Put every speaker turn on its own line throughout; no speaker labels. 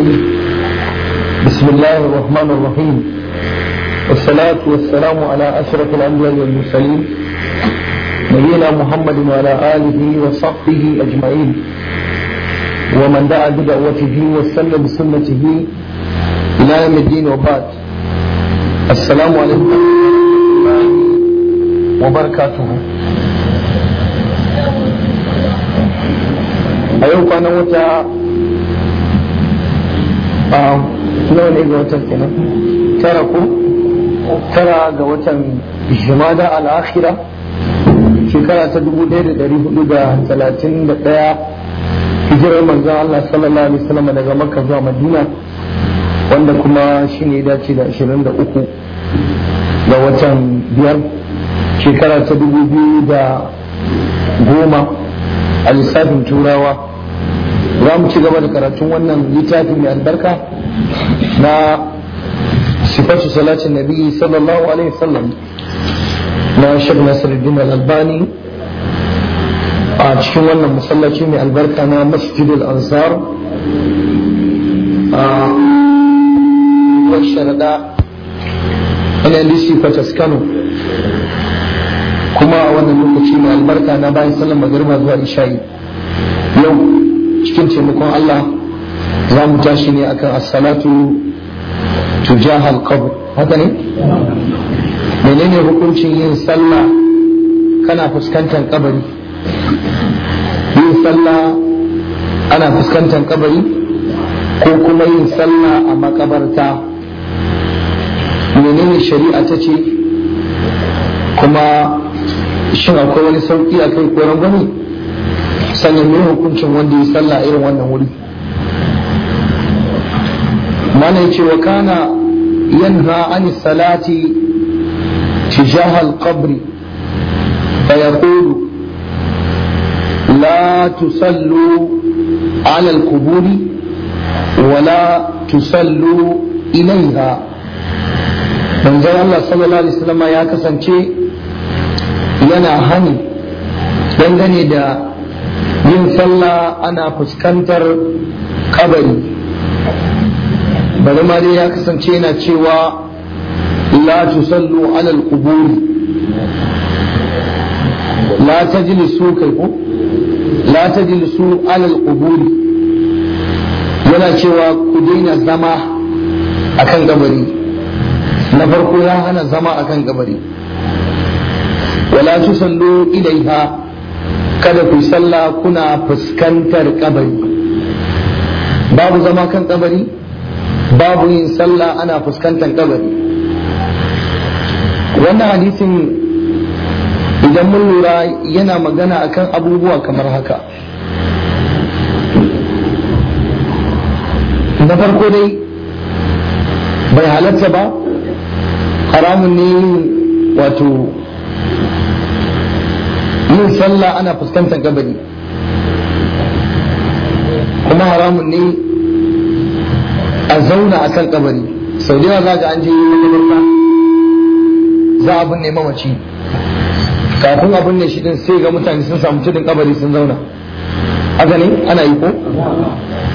ورسوله بسم الله الرحمن الرحيم والصلاة والسلام على أشرف الأنبياء والمرسلين نبينا محمد وعلى آله وصحبه أجمعين ومن دعا بدعوته وسلم بسنته إلى يوم الدين وبعد السلام عليكم وبركاته أيوة أنا bawo nawa ne ga watan kenan tara ku? tara ga watan jumada al-akhira shekara ta dubu ɗaya da ɗari hudu da talatin da ɗaya hijirar manzon Allah sallallahu alaihi wasallam daga Makka zuwa Madina wanda kuma shi ne dace da ashirin da uku ga watan biyar shekara ta dubu biyu da goma a lissafin turawa za mu ci gaba da karatun wannan littafi mai albarka na sifatu salatin nabi sallallahu alaihi wasallam na shek nasiruddin al-albani a cikin wannan masallaci mai albarka na masjidul ansar a wasu sharaɗa ndc fatas kano kuma a wannan lokaci mai albarka na bayan sallan magarba zuwa isha'i yau cikin taimakon Allah za mu tashi ne akan as-salatu tujah al-qabr haka ne menene hukuncin yin sallah kana fuskantar kabari yin sallah ana fuskantar kabari ko kuma yin sallah a makabarta menene shari'a ta ce kuma shin akwai wani sauki a kai ko rangwame sannan mai hukuncin wanda ya salla irin wannan wuri mana yace wa kana yanha an salati tijah al qabr fa yaqul la tusallu ala al qubur wa la tusallu ilayha manzo Allah sallallahu alaihi ya kasance yana hani dangane da yin sallah ana fuskantar kabari bari ma dai ya kasance yana cewa la tusallu ala al-quburi la tajlisu kai ko la tajlisu ala al yana cewa ku daina zama akan kabari na farko ya hana zama akan kabari wala tusallu ilaiha kada ku sallah kuna fuskantar kabari babu zama kan kabari babu yin sallah ana fuskantar kabari wannan hadisin idan mun lura yana magana akan abubuwa kamar haka na farko dai bai halatta ba haramun ne wato yin sallah ana fuskantar gabari kuma haramun ne a zauna a kan kabari sau da yawa za ga an je makabarta za a binne mamaci kafin a binne shi din sai ga mutane sun samu cikin kabari sun zauna a gani ana yi ko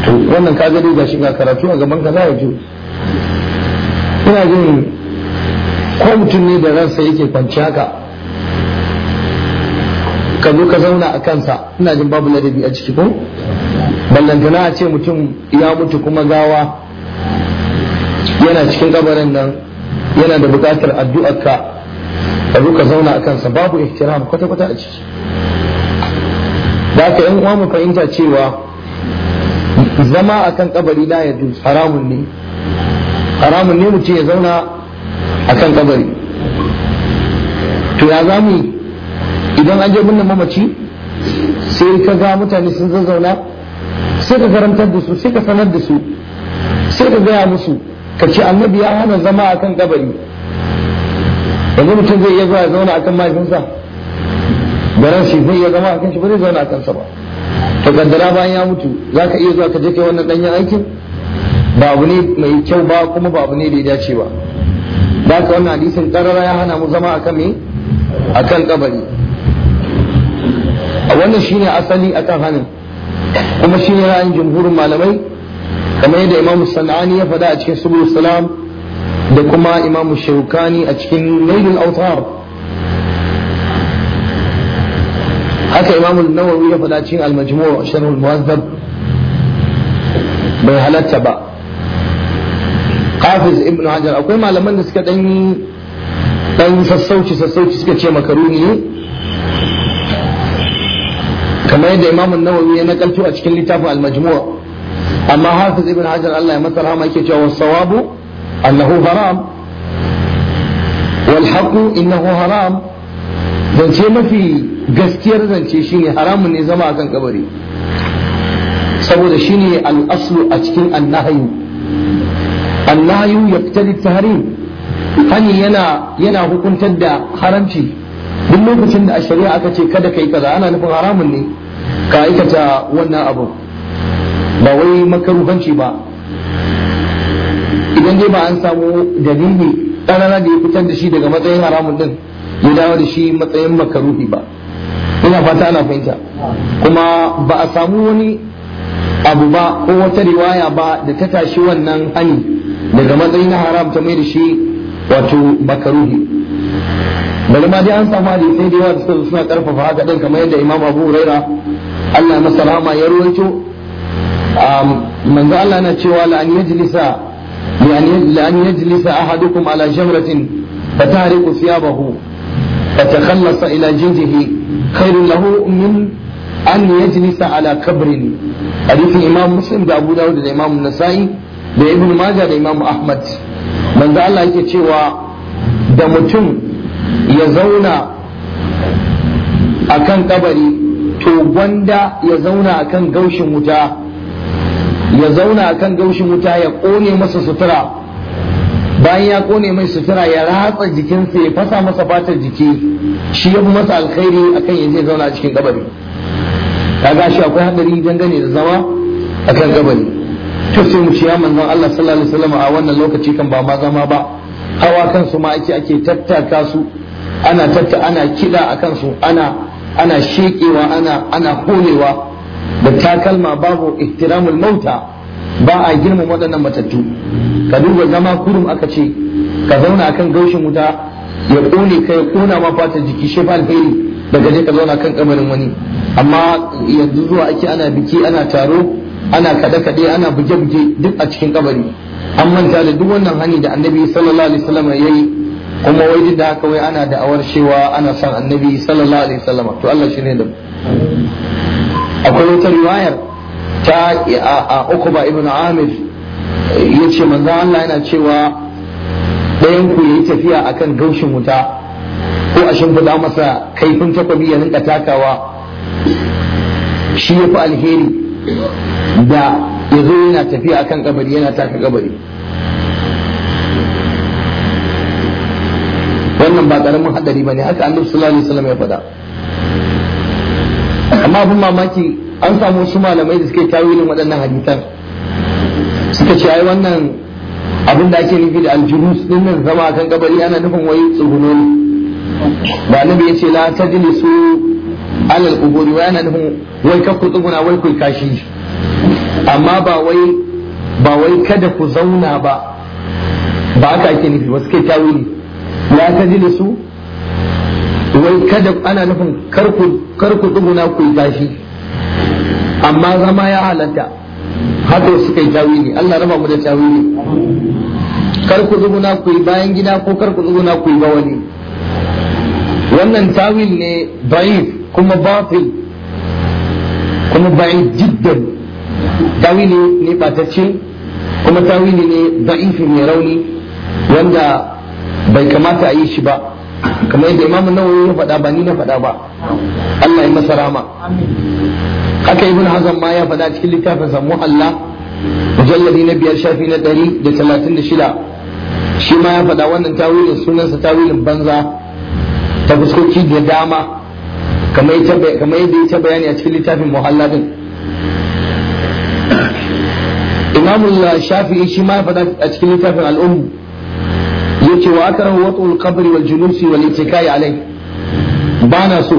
to wannan ka gani ga shi ga karatu a gaban ka za a ji ina jin ko mutum ne da ransa yake kwanciya haka ka zo ka zauna a kansa ina jin babu ladabi a ciki ko ballantana a ce mutum ya mutu kuma gawa yana cikin kabarin nan yana da bukatar addu'arka ka zo ka zauna a kansa babu ihtiram kwata-kwata a ciki da ka yan uwa mu fahimta cewa zama a kan kabari la ya dus haramun ne haramun ne mutum ya zauna a kan kabari to ya zamu idan an je binne mamaci sai ka ga mutane sun zazzauna sai ka karantar da su sai ka sanar da su sai ka gaya musu ka ce annabi ya hana zama akan kabari yanzu mutum zai iya zuwa ya zauna akan mahaifinsa da ran shi zai iya zama kan shi ba zai zauna a kansa ba to kaddara bayan ya mutu za ka iya zuwa ka je kai wannan danyen aikin ba abu ne mai kyau ba kuma ba abu ne da ya dace ba ba ka wannan hadisin karara ya hana mu zama akan me akan kabari wannan shine asali akan hanin kuma shine ra'ayin jumhurin malamai kamar yadda imam sanani ya faɗa a cikin subul salam da kuma imam shaukani a cikin nailul autar haka imam nawawi ya faɗa cikin al-majmu' sharh al bai halatta ba hafiz ibn hajar akwai malaman da suka ɗan yi sassauci sassauci suka ce makaruni ne kamar yadda Imam nawawi ya nakalto a cikin littafin al-Majmu' amma Hafiz ibn Hajar Allah ya masa rahama yake cewa sawabu annahu haram wal haqu innahu haram zance mafi gaskiyar zance shine haramun ne zama akan kabari saboda shine al-aslu a cikin annahyu annahyu yaqtadi tahrim hani yana yana hukuntar da haramci duk lokacin da a shari'a aka ce kada kai kaza ana nufin haramun ne ka aikata wannan abu ba wai makaruhanci ba idan dai ba an samu dalili ƙarara da ya fitar da shi daga matsayin haramun din ya dawo da shi matsayin makaruhi ba ina fata ana fahimta kuma ba a samu wani abu ba ko wata riwaya ba da ta tashi wannan hani daga matsayin haram ta mai da shi wato makaruhi bari ma dai an samu hadisai da yawa da suna karfafa haka din kamar yadda imam abu huraira Allah masa rahama ya ruwaito manzo Allah na cewa la an yajlisa la an yajlisa ahadukum ala jamratin fatahriqu thiyabahu فتخلص إلى جلده خير له من da يجلس على كبر حديث الإمام مسلم دا أبو da الإمام النسائي da ابن ماجه da إمام Ahmad. من ذا الله cewa da mutum ya zauna a kan kabari to gwanda ya zauna kan gaushin wuta ya zauna akan gaushin wuta ya kone masa sutura bayan ya ƙone mai sutura ya ratsa jikinsa ya fasa masa fatar jiki shi ya fi masa alkhairi kan ya zauna a cikin gabari. kaga shi akwai hadari dangane da zama a kan gabari. to sai mu ciya manzon Allah sallallahu alaihi a wannan lokaci kan ba ma zama ba hawa kansu ma ake ake tattaka su ana tatta ana kida akan su ana ana shekewa ana ana da takalma babu ihtiramul mauta ba a girmama waɗannan matattu ka duba zama kurum aka ce ka zauna akan gaushin wuta ya kone ka ya ma fatar jiki shefa alheri daga ne ka zauna kan kamarin wani amma yanzu zuwa ake ana biki ana taro ana kaɗe-kaɗe ana buge-buge duk a cikin kabari an manta da duk wannan hani da annabi sallallahu alaihi wasallam ya yi kuma wai duk da haka wai ana da'awar cewa ana son annabi sallallahu alaihi wasallam to Allah shi ne da akwai wata riwayar ta a ba ibn Amir yace manzo Allah yana cewa ɗayan ku yayi tafiya akan gaushin wuta ko a shimfiɗa masa kaifin takwabi ya rinka takawa shi ya fi alheri da ya zo yana tafiya akan kabari yana taka kabari karamin hadari bane haka annabi sallallahu alaihi wasallam ya faɗa amma abin mamaki an samu wasu malamai da suke tawilin waɗannan hadisan suka ce ai wannan abin da ake nufi da aljulus din nan zama kan kabari ana nufin wai tsuguno ne ba annabi ya ce la tajlisu alal quburi wa ana nufin wai ka ku tsuguna wai ku kashi amma ba wai ba wai kada ku zauna ba ba haka ake nufi ba suke tawilin. la su wai kada ana nufin karku duguna ku yi tashi amma zama ya halatta haka suka yi tawili Allah raba mu da tawili karku duguna ku yi bayan gida ko karku duguna ku yi wani wannan tawil ne da'if kuma batil kuma ba'id jiddan tawili ne batacce kuma tawili ne da'ifi mai rauni wanda bai kamata a yi shi ba kamar yadda imamu nawa ya faɗa ba ni na faɗa ba Allah ya masa rama haka ibn hazan ma ya faɗa cikin littafin sa muhalla mujalladi na biyar shafi na ɗari da talatin da shida shi ma ya faɗa wannan tawilin sunansa tawilin banza ta fuskoki da dama kamar yadda ya ta bayani a cikin littafin muhalla din imamul shafi shi ma ya faɗa a cikin littafin al'ummu yace wa akara watul qabri wal julusi wal itikai alai bana so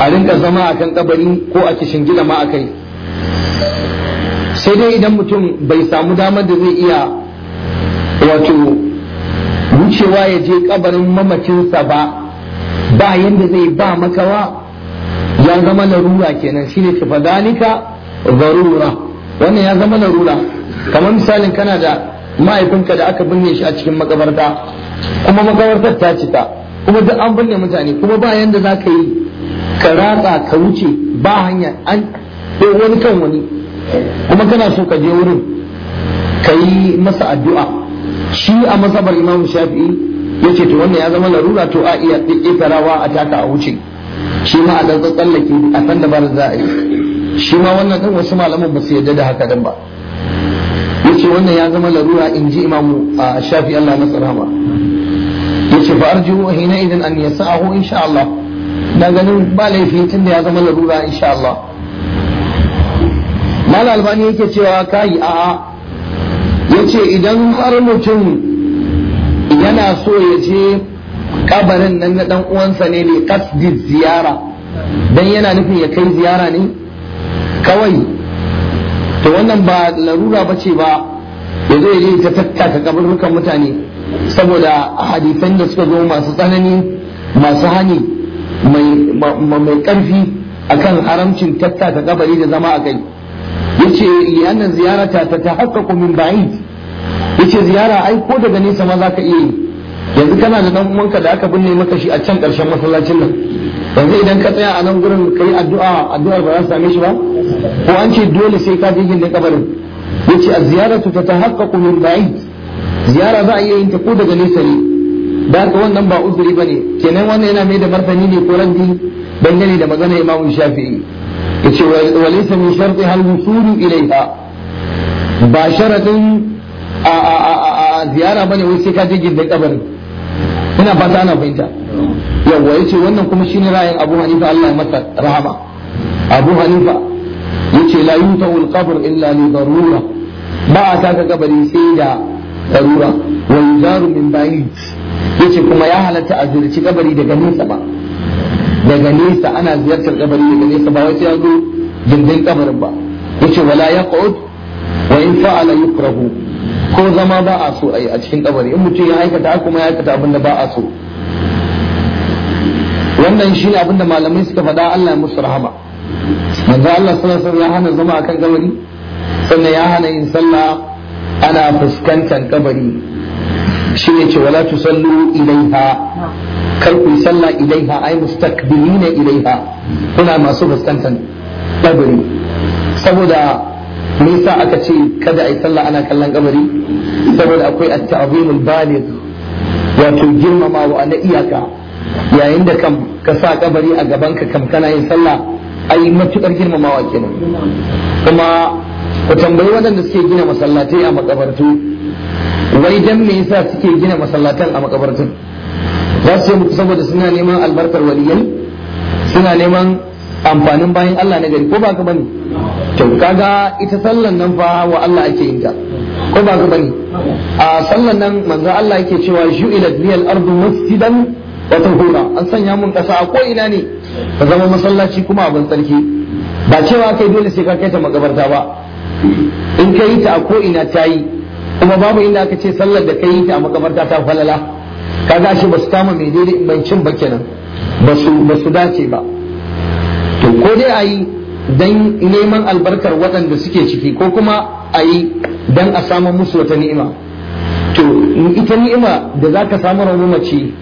a rinka zama akan kabari ko a kishin gida ma akai sai dai idan mutum bai samu damar da zai iya wato wucewa ya je kabarin mamacinsa ba ba yadda zai ba makawa ya zama rura kenan shine tafadalika zarura wannan ya zama larura kamar misalin kana da mahaifinka da aka binne shi a cikin makabarta kuma makabartar ta cika kuma duk an binne mutane kuma ba yanda za ka yi ka ratsa ka wuce ba hanya an wani kan wani kuma kana so ka je wurin ka yi masa addu'a shi a masabar imamu shafi'i ya ce to wannan ya zama larura to a iya ɗiɗɗika rawa a taka a wuce shi ma a ɗanɗan tsallake a san da za a yi shi ma wannan ɗin wasu malaman ba su yarda da haka ba yace wannan ya zama larura in ji imamu shafi Allah na rahama yace ba arju hina idan an ho insha Allah na ganin ba laifi tunda ya zama larura insha Allah mala albani yake cewa kai a yace idan har mutum yana so ya je kabarin nan na dan uwansa ne ne kasdi ziyara dan yana nufin ya kai ziyara ne kawai to wannan ba larura ba ce ba ya zo ya ta tattaka kaburrukan mutane saboda hadisan da suka zo masu tsanani masu hani mai karfi akan haramcin tattaka kabari da zama a kai yace li'anna ziyarata ta tahaqqaqu min ba'id yace ziyara ai ko daga nesa ma ka iya yi yanzu kana da dan uwanka da aka binne maka shi a can karshen masallacin nan yanzu idan ka tsaya a nan gurin yi addu'a addu'ar ba za su same shi ba ko an ce dole sai ka je gindin kabarin yace az ta tatahaqqaqu min ba'id ziyara za a iya yin ta ko daga nesa ne da haka wannan ba uzuri bane kenan wannan yana mai da martani ne ko raddi dangane da magana Imam Shafi'i yace wa laysa min sharti hal wusulu ilayha ba sharadin a a a a ziyara bane wai sai ka je gindin kabarin ina fata ana fahimta yawa yace wannan kuma shine ra'ayin Abu Hanifa Allah ya masa rahama Abu Hanifa yace la yutawul qabr illa li darura ba a taka gabari sai da ɗarura wa yuzaru min ba'id yace kuma ya halatta a ziyarci gabari daga nesa ba daga nesa ana ziyartar gabari daga nesa ba wai ya zo dindin kabarin ba yace wala ya yaqud wa in fa'ala yukrahu ko zama ba a so a cikin kabari in mutum ya aikata kuma ya aikata abin da ba a so wannan shi abin da malamai suka faɗa Allah ya musu rahama manzo Allah sallallahu alaihi wasallam ya hana zama akan gabari? sannan ya hana yin sallah ana fuskantar kabari shi ne ce wala tusallu ilaiha kar ku sallah ilaiha ai mustakbirina ilaiha kuna masu fuskantar kabari saboda me yasa aka ce kada ai sallah ana kallon kabari saboda akwai at-ta'zimul baligh wato girmamawa na iyaka yayin da kam ka sa kabari a gaban ka kam kana yin sallah ai matukar girmamawa kenan kuma ku tambayi waɗanda suke gina masallatai a makabartu wai dan me yasa suke gina masallatan a makabartun za su yi muku saboda suna neman albarkar waliyyai, suna neman amfanin bayan Allah na gari ko ba ka bane to kaga ita sallan nan fa wa Allah ake yin ta ko ba ka bane a sallan nan manzo Allah yake cewa ju'ilat liyal ardu masjidan wa tahura an sanya mun kasa a ko ina ne ka zama masallaci kuma abin tsarki ba cewa kai dole sai ka kai ta makabarta ba in ka yi ta a ko'ina ta yi kuma babu inda aka ce sallar da ka yi ta a makamarta ta falala ka gashi ba su kama mai daidai ban cin ba kenan
ba su
dace ba to ko dai a yi don neman albarkar waɗanda suke ciki ko kuma a yi don a samu musu wata ni'ima to ita ni'ima da za ka samu ramu mace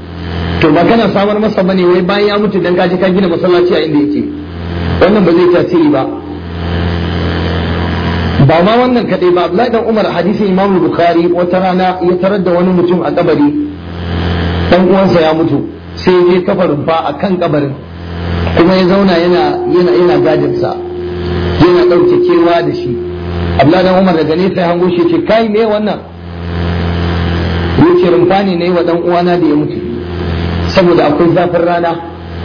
to ba kana samar masa bane wai bayan ya mutu dan kaje ka gina masallaci a inda yake wannan ba zai tasiri ba ba ma wannan kadai ba Abdullahi dan Umar hadisin Imam Bukhari wata rana ya tarar da wani mutum a kabari dan uwansa ya mutu sai je kafa rumfa a kan kabarin kuma ya zauna yana yana yana gadinsa yana ɗauke kewa da shi Abdullahi dan Umar daga nesa ya hango shi ce kai me wannan yace rumfa ne wa dan uwana da ya mutu saboda akwai zafin rana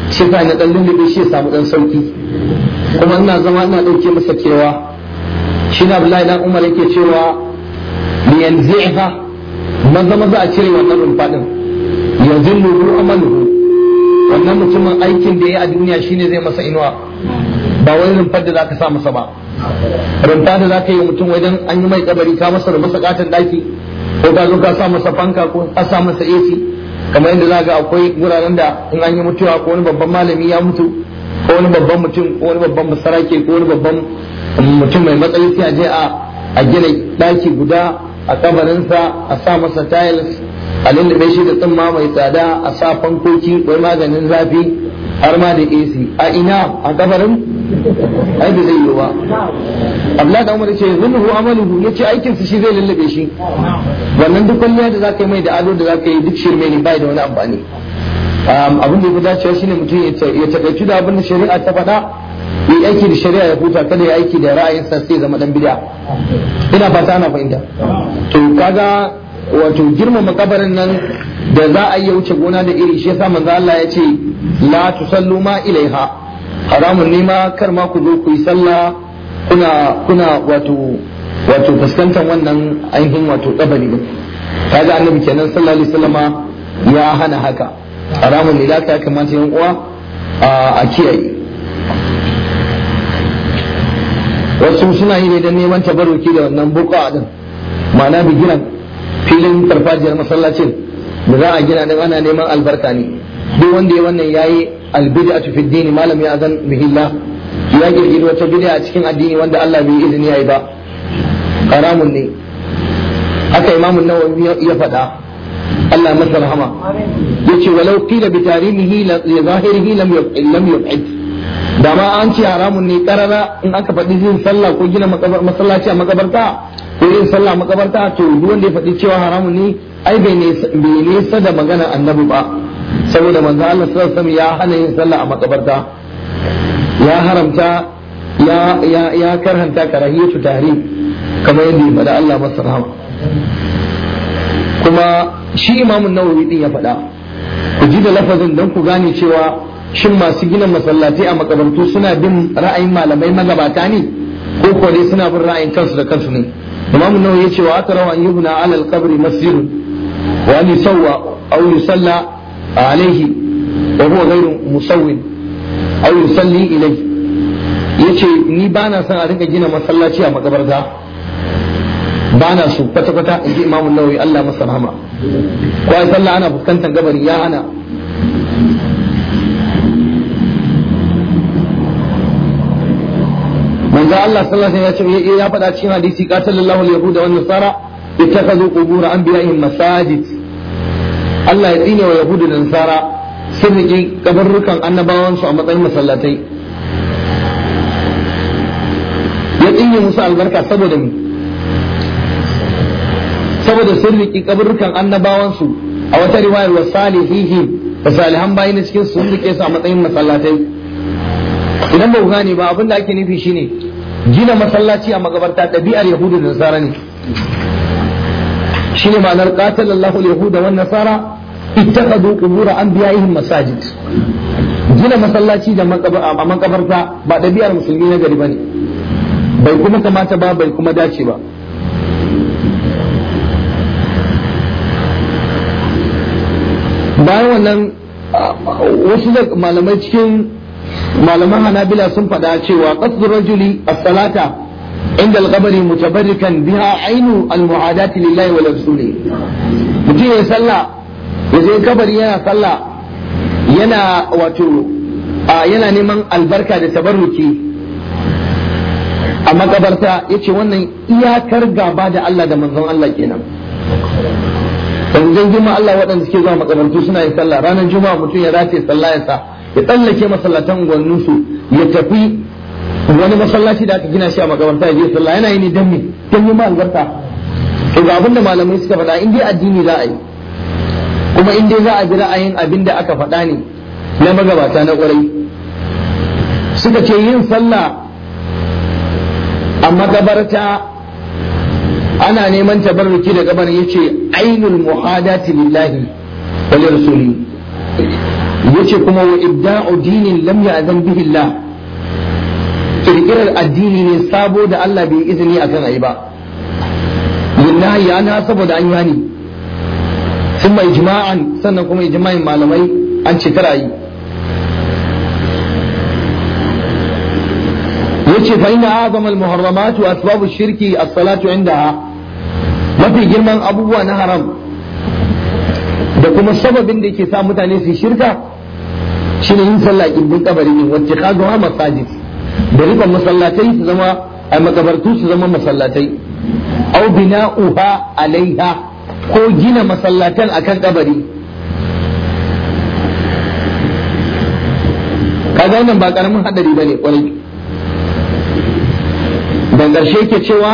shi na dan lullube shi ya samu dan sauki kuma ina zama ina ɗauke masa kewa shi na abdullahi dan umar yake cewa li yanzi'ha maza maza a cire wannan rumfa din yanzu ruhu amalu wannan mutumin aikin da ya a duniya shine zai masa inuwa ba wani rumfar da zaka sa masa ba rumfa da zaka yi mutum wajen an yi mai kabari ka masa rumfa sakatan daki ko ka zo ka sa masa fanka ko ka sa masa AC kamar yadda za ga akwai wuraren da in an yi mutuwa ko wani babban malami ya mutu ko wani babban mutum ko wani babban masarake ko wani babban mutum mai matsayi sai a je a gina ɗaki guda a kabarinsa a sa masa tiles a lullube shi da tsumma mai tsada a sa fankoki wai maganin zafi har ma da AC a ina a kabarin ai da zai yi ba Abdullahi da Umar ce zunnuhu amaluhu yace aikin su shi zai lullube shi wannan duk kwalliya da zaka yi mai da ado da zaka yi duk shirme ne bai da wani amfani abin da ya fi dacewa shine mutum ya taƙaitu da abin da shari'a ta faɗa yi aiki da shari'a ya huta kada ya aiki da ra'ayin sa sai zama dan bid'a ina fata ana fahimta to kaga wato girmama kabarin nan da za a iya wuce gona da iri shi yasa manzo Allah ya ce la tusallu ma ilaiha haramun ne ma kar ma ku zo ku yi sallah kuna kuna wato wato fuskantar wannan ainihin wato kabari din kaga annabi kenan sallallahu alaihi wasallama ya hana haka haramun ne da ta kamata yan uwa a kiyaye wasu suna yi ne don neman tabaruki da wannan buka din ma'ana gina filin farfajiyar masallacin da za a gina din ana neman albarka ne duk wanda ya wannan yayi a tufi dini malam ya zan bihillah ya girgiri wata bidi a cikin addini wanda Allah bai izini yi ba haramun ne haka imamun nawa ya faɗa Allah masa rahama yace walau qila bi tarimihi la zahirihi lam yub'id da ma an ce haramun ne karara in aka faɗi yin sallah ko gina masallaci a makabarta ko yin sallah makabarta to duk wanda ya faɗi cewa haramun ne ai bai nesa da magana annabi ba saboda manzo Allah sallallahu alaihi ya hana yin sallah a makabarta ya haramta ya ya ya karhanta karahiyatu tahrim kamar yadda ya faɗa Allah masa rahama kuma shi imamun nawawi din ya faɗa ku ji da lafazin don ku gane cewa shin masu gina masallatai a makabartu suna bin ra'ayin malamai magabata ne ko ko dai suna bin ra'ayin kansu da kansu ne imamu nawa ya ce wa aka rawa an yubna ala alqabri masjid wa an yusawwa aw yusalla alayhi wa huwa ghayru musawwin aw yusalli ilayhi yace ni bana son a rinka gina masallaci a makabarta bana so kwata kwata in ji imamu nawawi Allah masa rahama ko ai sallah ana fuskantar gabari ya ana manzo Allah sallallahu alaihi wasallam ya ce eh, eh, ya faɗa cikin hadisi qatalallahu al-yahuda wan nasara ittakhadhu qubur anbiya'ihim masajid Allah ya tsine wa yahudu da nasara sun yi kabarrukan annabawansu a matsayin masallatai ya tsine musu albarka saboda mu saboda sun riƙe kabarrukan annabawansu a wata riwayar wa salihihi da salihan bayi na cikin sun riƙe su a matsayin masallatai idan ba gane ba abin da ake nufi shine gina masallaci a magabarta ɗabi'ar yahudu da nasara ne shine ma'anar qatala Allahu al-yahuda wan nasara an qubur anbiya'ihim masajid gina masallaci da a makabarta ba ɗabi'ar musulmi na gari bane bai kuma kamata ba bai kuma dace ba bayan wannan wasu malamai cikin malaman hanabila sun faɗa cewa qasdu rajuli a salata inda al-qabri mutabarrikan biha ainu al lillahi wa rasuli mutum ya sallah yaje kabari yana salla yana wato yana neman albarka da tabarruki a makabarta ce wannan iyakar gaba da Allah da manzon Allah kenan dan juma'a Allah waɗanda suke zuwa makabartu suna yin sallah ranar juma'a mutum ya rataye sallah ya sa ya tsallake masallatan su ya tafi wani masallaci da aka gina shi a makabarta ya je sallah yana yi dan me dan yi albarka to ga malamai suka faɗa in dai addini za a yi kuma in dai za a bi ra'ayin abin da aka faɗa ne na magabata na ƙwarai suka ce yin sallah a makabarta ana neman tabarruki da gabar yace ainul muhadati lillahi wa rasuli yace kuma wa ibda'u dinin lam ya'zan bihi Allah kirkirar addini ne sabo da Allah bai izini akan ayi ba lillahi ana saboda an yani sun mai jima'an sannan kuma ijma'in malamai an ce kar ayi yace fa inna azama al muharramat wa asbab al shirki as salatu indaha mafi girman abubuwa na haram da kuma sababin da yake sa mutane su shirka ne yin sallah gindin kabari ne wacce ka masajid da riba masallatai su zama a makabartu su zama masallatai au uha alaiha ko gina masallatan akan kabari kaga wannan ba karamin hadari bane kwarai da ƙarshe ke cewa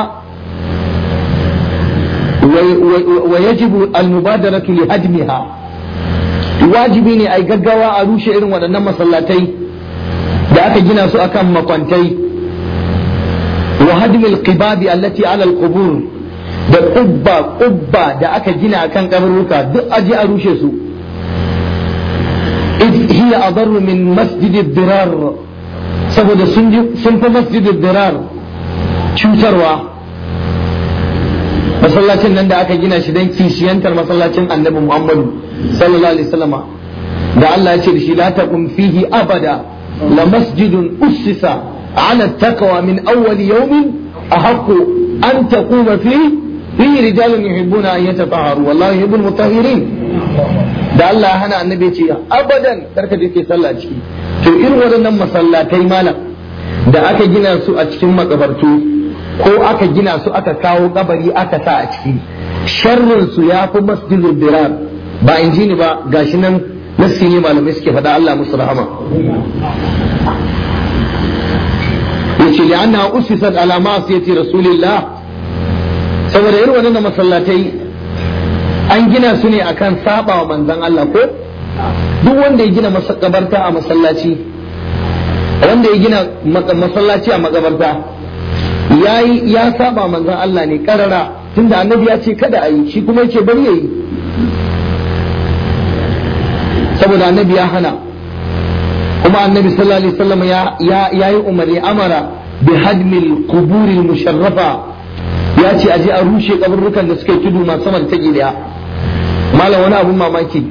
wa yajibu al-mubadaratu li hadmiha wajibi ne a yi gaggawa a rushe irin waɗannan masallatai da aka gina su akan makwantai wa hadmil qibabi allati ala da kubba da aka gina akan kaburuka duk aje a rushe su id hiya adarru min masjid dirar saboda sun fi masjid dirar cutarwa masallacin nan da aka gina shi don kishiyantar masallacin annabi muhammadu sallallahu alaihi wasallama da Allah ya ce da shi la taqum fihi abada la masjidun ussisa ala taqwa min awwal yawmin ahaqqu an taquma fihi rijalun yuhibbuna an yatahharu wallahi yuhibbul mutahhirin da Allah ya hana annabi ce abadan karka da sallah ciki to irin waɗannan masallatai malam da aka gina su a cikin makabartu ko aka gina su aka kawo kabari aka sa a ciki sharrin su yafi masjidul birar ba in ji ni ba shi nan nassi ne malamai suke faɗa Allah musu rahama yace anna usisat ala ma'siyati rasulillah saboda irin wannan masallatai an gina su ne akan saba wa manzon Allah ko duk wanda ya gina masakabarta a masallaci wanda ya gina masallaci a yayi ya saba manzon Allah ne karara tunda annabi ya ce kada a yi shi kuma yace bari yi? saboda annabi ya hana kuma annabi sallallahu alaihi wasallam ya yi umarni amara bi hadmil quburil musharrafa ya ce aje a rushe kaburrukan da suka tudu ma sama da ta daya malam wani abun mamaki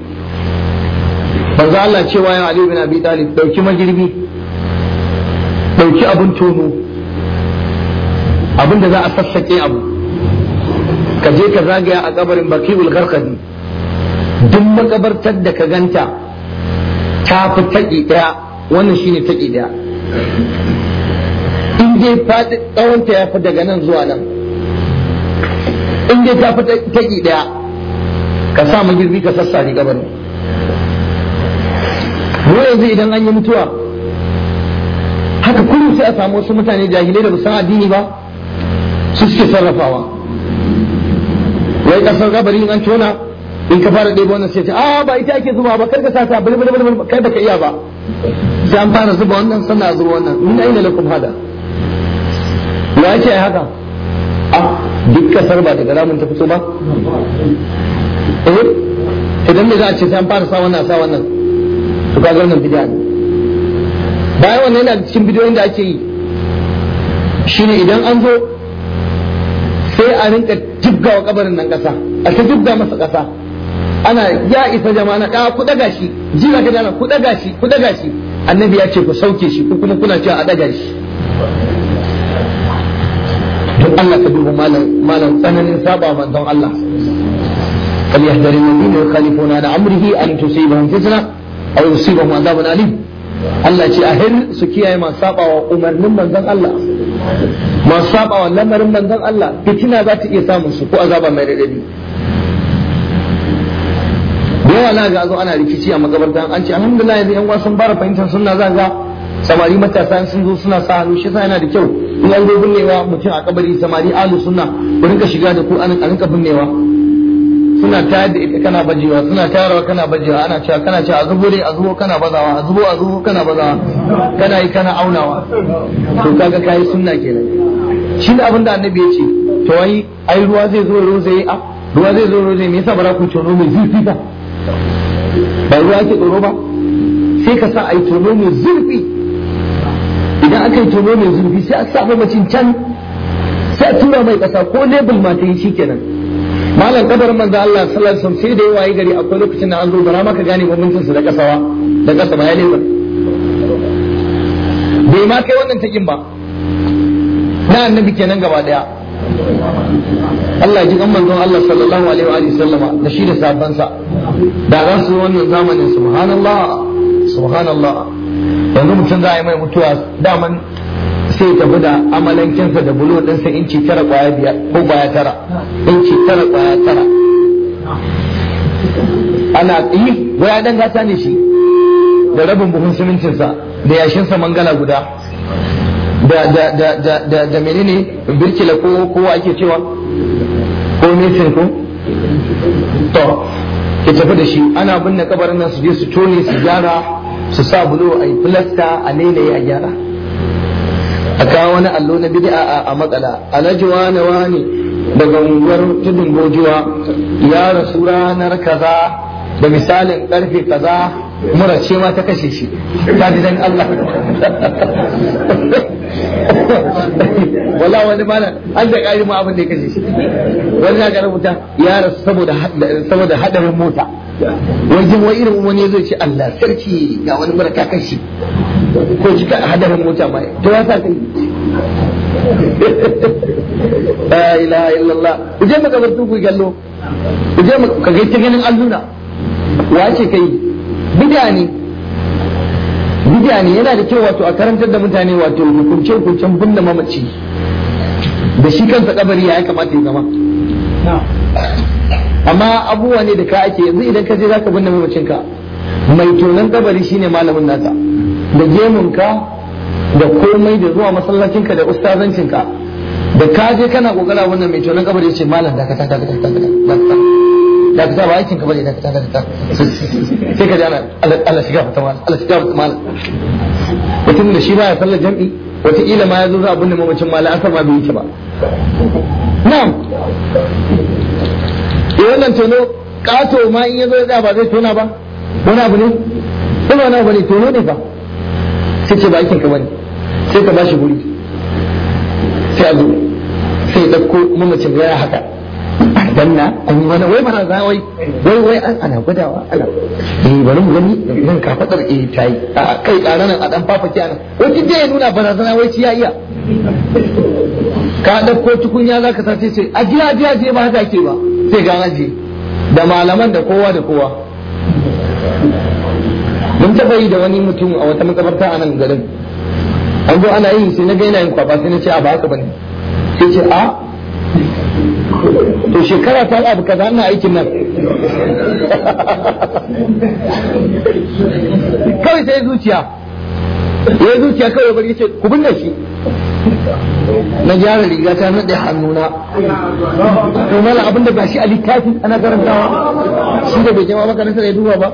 manzo Allah cewa ya Ali bin Abi Talib dauki magirbi dauki abun tono abin da za a sassake abu ka je ka zagaya a kabarin Bakiul Gharqadi duk makabartar da ka ganta ta fi taƙi ɗaya wannan shine taƙi ɗaya in dai faɗi ɗawanta ya fi daga nan zuwa nan in dai ta fi taƙi ɗaya ka sa girbi ka sassa sassare gaban mu yanzu idan an yi mutuwa haka kullum sai a samu wasu mutane jahilai da san addini ba su suke sarrafawa wai kasar gabarin an tona in ka fara ɗebo wannan sai ce a ah, ba ita ake zuba ba kar ka sata bari bari bari kai baka iya ba sai an fara zuba wannan sannan a zuba wannan min aina lakum hada wa yake haka a ah, duk kasar ba daga ramin ta fito ba eh idan ne za a ce sai an fara sa wannan sa wannan to ka ga wannan bid'a ne bayan wannan yana cikin bidiyoyin da ake yi shine idan an zo sai a rinka jibgawa kabarin nan kasa a ta jibga masa kasa ana ya isa jama'a na ah, ku ɗaga shi jira ka dana ku ɗaga shi ku ɗaga shi annabi ya ce ku sauke shi ku kuma kuna cewa a ɗaga shi don Allah ka duhu malam malam tsananin saba manzon Allah kal yahdari alladhina yukhalifuna da amrihi an tusibahum fitna aw yusibahum adhabun alim
Allah ce ahir
su kiyaye masu sabawa umarnin manzon Allah masu sabawa lamarin manzon Allah fitina za ta iya samun su ko azaba mai radadi yawa na ga zo ana rikici a makabarta an ce alhamdulillah yanzu yan wasan bara fahimtar sunna za ga samari matasa sun zo suna sa hannu shi yana da kyau in an zo binnewa mutum a kabari samari alu sunna ku rinka shiga da ku an rinka binnewa suna tayar da ita kana bajewa suna tayarwa kana bajewa ana cewa kana cewa a zubo dai a zubo kana bazawa a zubo a zubo kana bazawa kana yi kana aunawa to kaga kayi sunna kenan shi ne abin da annabi ya ce to wai ai ruwa zai zo ruwa zai a ah, ruwa zai zo ruwa zai me yasa ba za ku tono mai zurfi ba ba ruwa ake tsoro ba sai ka sa a yi tono mai zurfi idan aka yi tono mai zurfi sai a sa mamacin can sai a tura mai kasa ko lebul ma ta yi shi kenan malam kadar manzo Allah sallallahu alaihi wasallam sai da yawa gari akwai lokacin da an zo bara maka gane mamancin su da kasawa da kasa ba ya bai ma kai wannan takin ba na annabi kenan gaba daya Allah ya ji kan manzon Allah sallallahu alaihi wa sallama da shi da sabansa da za su wannan zamanin subhanallah subhanallah yanzu mutum za a yi mai mutuwa daman sai tafi da kinsa da bulo ɗinsa inci tara kwaya biyar ko kwaya tara inci tara kwaya tara ana yi eh, waya dan gata ne shi da rabin buhun simintinsa da yashinsa mangala guda da da menene birkila ko kowa ake cewa ko mesin ko to ke tafi da shi ana binne kabarin nan su je su tone su gyara su sa bulo a yi filasta a lailaye a gyara a kawo wani allo na bid'a a matsala alhaji na wani daga unguwar tudun bojuwa ya rasu ranar kaza da misalin karfe kaza mura ce ma ta kashe shi ta ji dan Allah wala wani mana an da kari ma abin da ya kashe shi wani ya rubuta ya rasu saboda saboda hadarin mota wajen wai irin wani zai ce Allah sarki ga wani mura ta kashe ko ji ka hadarin mota ma to ya sa kai la ilaha illallah ku je makabartu ku gallo ku je ka ga ganin alluna wace kai bid'a ne bid'a ne yana da kyau wato a karantar da mutane wato hukunce hukuncen binne mamaci da shi kansa kabari ya kamata ya zama amma abubuwa ne da ka ake yanzu idan ka je zaka binne mamacinka mai tonon kabari shine malamin nasa da gemunka da komai da zuwa masallacinka da ustazancinka da ka je kana kokara wannan mai tonon kabari ya ce malam da ka ta ta ta ta ta da ka saba aikin ka bane da ka ta ta sai ka ji Allah shiga mata mal Allah shiga mata mal mutum da shi ba ya sallar jam'i ila ma ya zo za abin da mamacin mala asar ma bai yake ba na'am eh wannan tono kato ma in ya zo da ba zai tona ba wani abu ne kuma wani abu ne tono ne ba sai ce ba aikin ka bane sai ka bashi guri sai a zo sai ya ɗauko mamacin ya haka danna an yi mana wai mana za wai wai wai an ana gudawa ana eh bari mu gani nan ka fadar eh tai a kai tsara nan a dan fafa ki ana wani dai ya nuna barazana wai ci ya iya ka da dauko tukunya zaka sace ce a jiya jiya je ba haka ke ba sai ga aje da malaman da kowa da kowa mun taba yi da wani mutum a wata makabarta a nan garin an zo ana yin sai na ga yana yin kwaba sai na ce a ba haka bane sai ce a to shekara ta abu kaza ina aikin nan kawai sai zuciya ya zuciya kawai bari ce ku binne shi
na gyara riga ta nade hannuna to mala abinda ba shi a littafin ana karantawa shi da bai jama makarantar
ya duba ba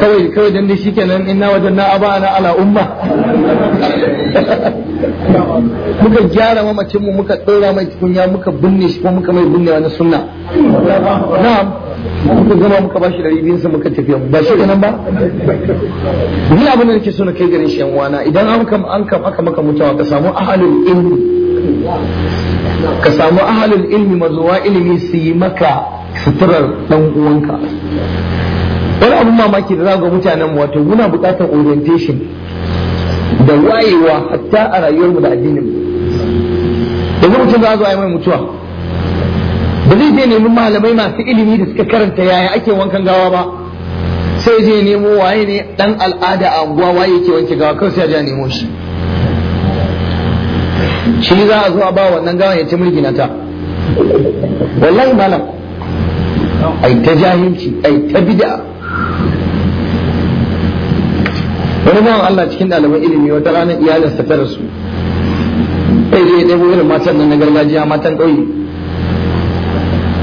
kawai kawai dan dai shikenan inna wajanna abana ala umma muka gyara mamacin mu muka dora mai tukunya muka binne shi ko muka mai binne wani sunna na'am muka gama muka bashi dari biyun sa muka tafi ba shi kenan ba ni abin da nake so na kai garin shi wana idan an kam an kam aka maka mutawa ka samu ahalul ilmi ka samu ahalul ilmi mazuwa ilimi su yi maka suturar dan uwanka wani abin mamaki da za ga mutanen mu wato muna buƙatar orientation da wayewa hatta a rayuwarmu da addinin mu yanzu mutum za a zo yi mai mutuwa ba zai je nemi malamai masu ilimi da suka karanta yaya ake wankan gawa ba sai je nemo waye ne dan al'ada a unguwa waye yake wanke gawa kawai sai a nemo shi shi za a zo a ba wannan gawa ya ci na ta wallahi malam ai ta jahilci ai ta bid'a wani bawan Allah cikin ɗaliban ilimi wata ranar iyalinsa ta rasu ɗaya zai ɗaya irin matan nan na gargajiya matan ƙauye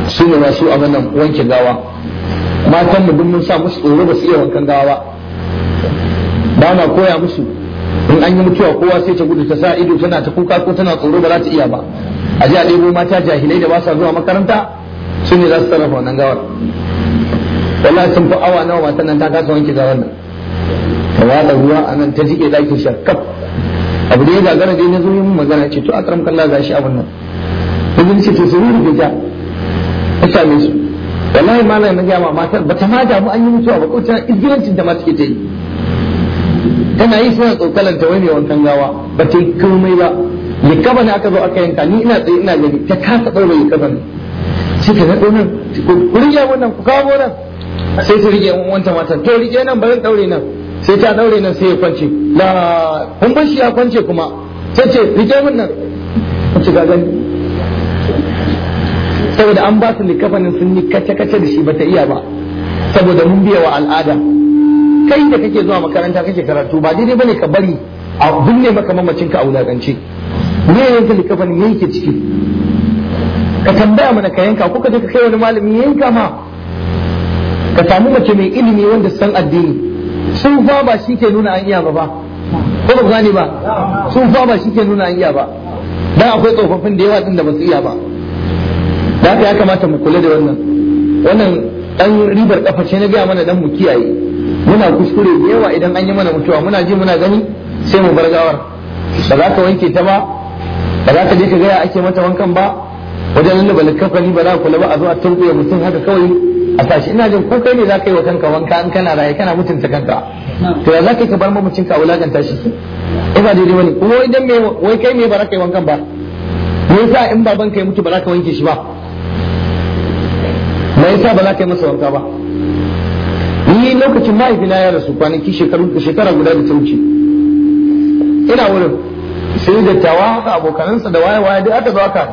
su ne masu abin nan wanke gawa matan mu duk mun sa musu tsoro ba su iya wankan gawa ba ba na koya musu in an yi mutuwa kowa sai ta gudu ta sa ido tana ta kuka ko tana tsoro ba za ta iya ba a ji a ɗebo mata jahilai da ba sa zuwa makaranta su ne za su sarrafa wannan gawar wallahi sun fi awa nawa matan nan ta kasa wanke gawar nan watsa ruwa a nan ta jike ɗakin shi abu da ya gagara da ya zo yi magana ce to akram kallah za shi abin nan yanzu ce to sai rufe ja a same su wallahi ma na gaya ma matar ba ta ma damu an yi mutuwa ba ko ta izgirancin da ma take ta yi tana yi suna tsokalar ta wai mai wankan gawa ba ta yi komai ba likaba ne aka zo aka yanka ni ina tsaye ina gani ta kasa ɗaura likaba ne sai ta naɗo nan ku rige wannan ku kawo nan sai ta rige wanta matar to rige nan ba zan ɗaure nan sai ta daure nan sai ya kwance la kun bar shi ya kwance kuma sai ce rike min nan ci ga saboda an ba su likafanin sun yi kace kace da shi bata iya ba saboda mun biya wa al'ada kai da kake zuwa makaranta kake karatu ba daidai bane ka bari a binne maka mamacinka a wulakance ne yanka likafanin yake ciki ka tambaya mana ka yanka ko ka je ka kai wani malami yanka ma ka samu mace mai ilimi wanda san addini Sun fa ba shi ke nuna an iya ba ba ko ba gane ba Sun fa ba shi ke nuna an iya ba dan akwai tsofaffin da yawa din da ba su iya ba da ya kamata mu kula da wannan wannan dan ribar kafa ce na gaya mana dan mu kiyaye muna kuskure da yawa idan an yi mana mutuwa muna ji muna gani sai mu bar gawar ba za ka wanke ta ba ba za ka je ka gaya ake mata wankan ba wajen balikafa ni ba za ka kula ba a zo a tunkuya mutum haka kawai a tashi ina jin ko kai ne za ka yi wa kanka wanka in kana raye kana mutunta kanka to ya za ka yi ka bar mamacin ka wulakanta shi ina daidai wani kuma idan mai me wai kai me ba za ka yi wankan ba me yasa in baban ka ya mutu ba za ka wanke shi ba me yasa ba za ka yi masa wanka ba ni lokacin mahaifina ya rasu kwanaki shekaru shekara guda da ta wuce ina wurin sai dattawa haka abokanansa da waye waye duk aka zo aka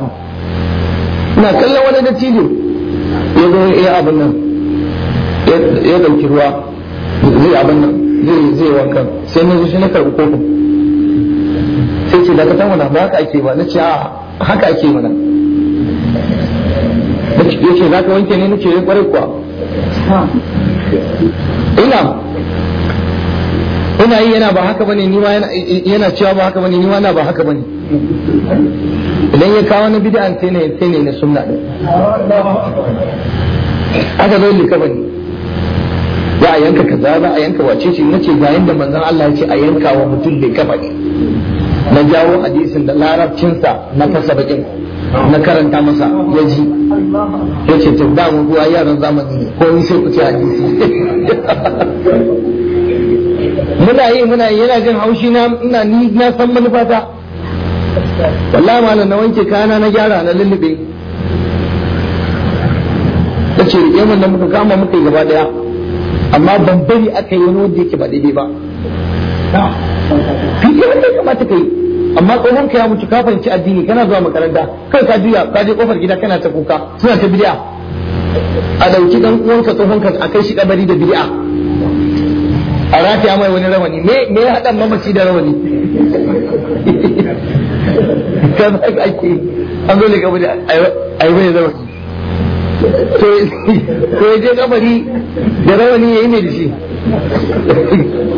ina kallon wani dattijo ya zo ya abin nan ya dauki ruwa zai abin nan zai zai wanka sai na zo shi na karbi kofin sai ce daga tan ba haka ake ba na ce a haka ake mana ya ce za ka wanke ne na ce ya eh, kwarai kuwa ina ina yi yana ba haka bane ni ma yana cewa ba haka bane ni ma na ba haka bane idan ya kawo na bid'an sai ne sai ne na sunna din aka zo lika bane ya yanka kaza ba a yanka wace ce nace ga yanda manzon Allah ya ce a yanka wa mutum lika ne na jawo hadisin da larabcinsa na fasa bakin na karanta masa ya ji ya ce ta damu ruwa yaran zamani ne ko sai ku ce hadisi muna yi muna yi yana jin haushi na ina ni na san manufata wallahi malam na wanke kayana na gyara na lullube ta ce rike mun da muka kama muka yi gaba daya amma ban bari aka yi wani wanda yake ba daidai ba fi yi wanda ya kamata ka yi amma tsohon ka ya mutu ka fahimci addini kana zuwa makaranta kai ka juya ka je kofar gida kana ta kuka suna ta bid'a a dauki dan uwanka tsohon ka a kai shi kabari da bid'a a rataya mai wani rawani me ya haɗa mamaci da rawani ka ake an zo ne a yi mai rawani to ya je da rawani ya yi ne da shi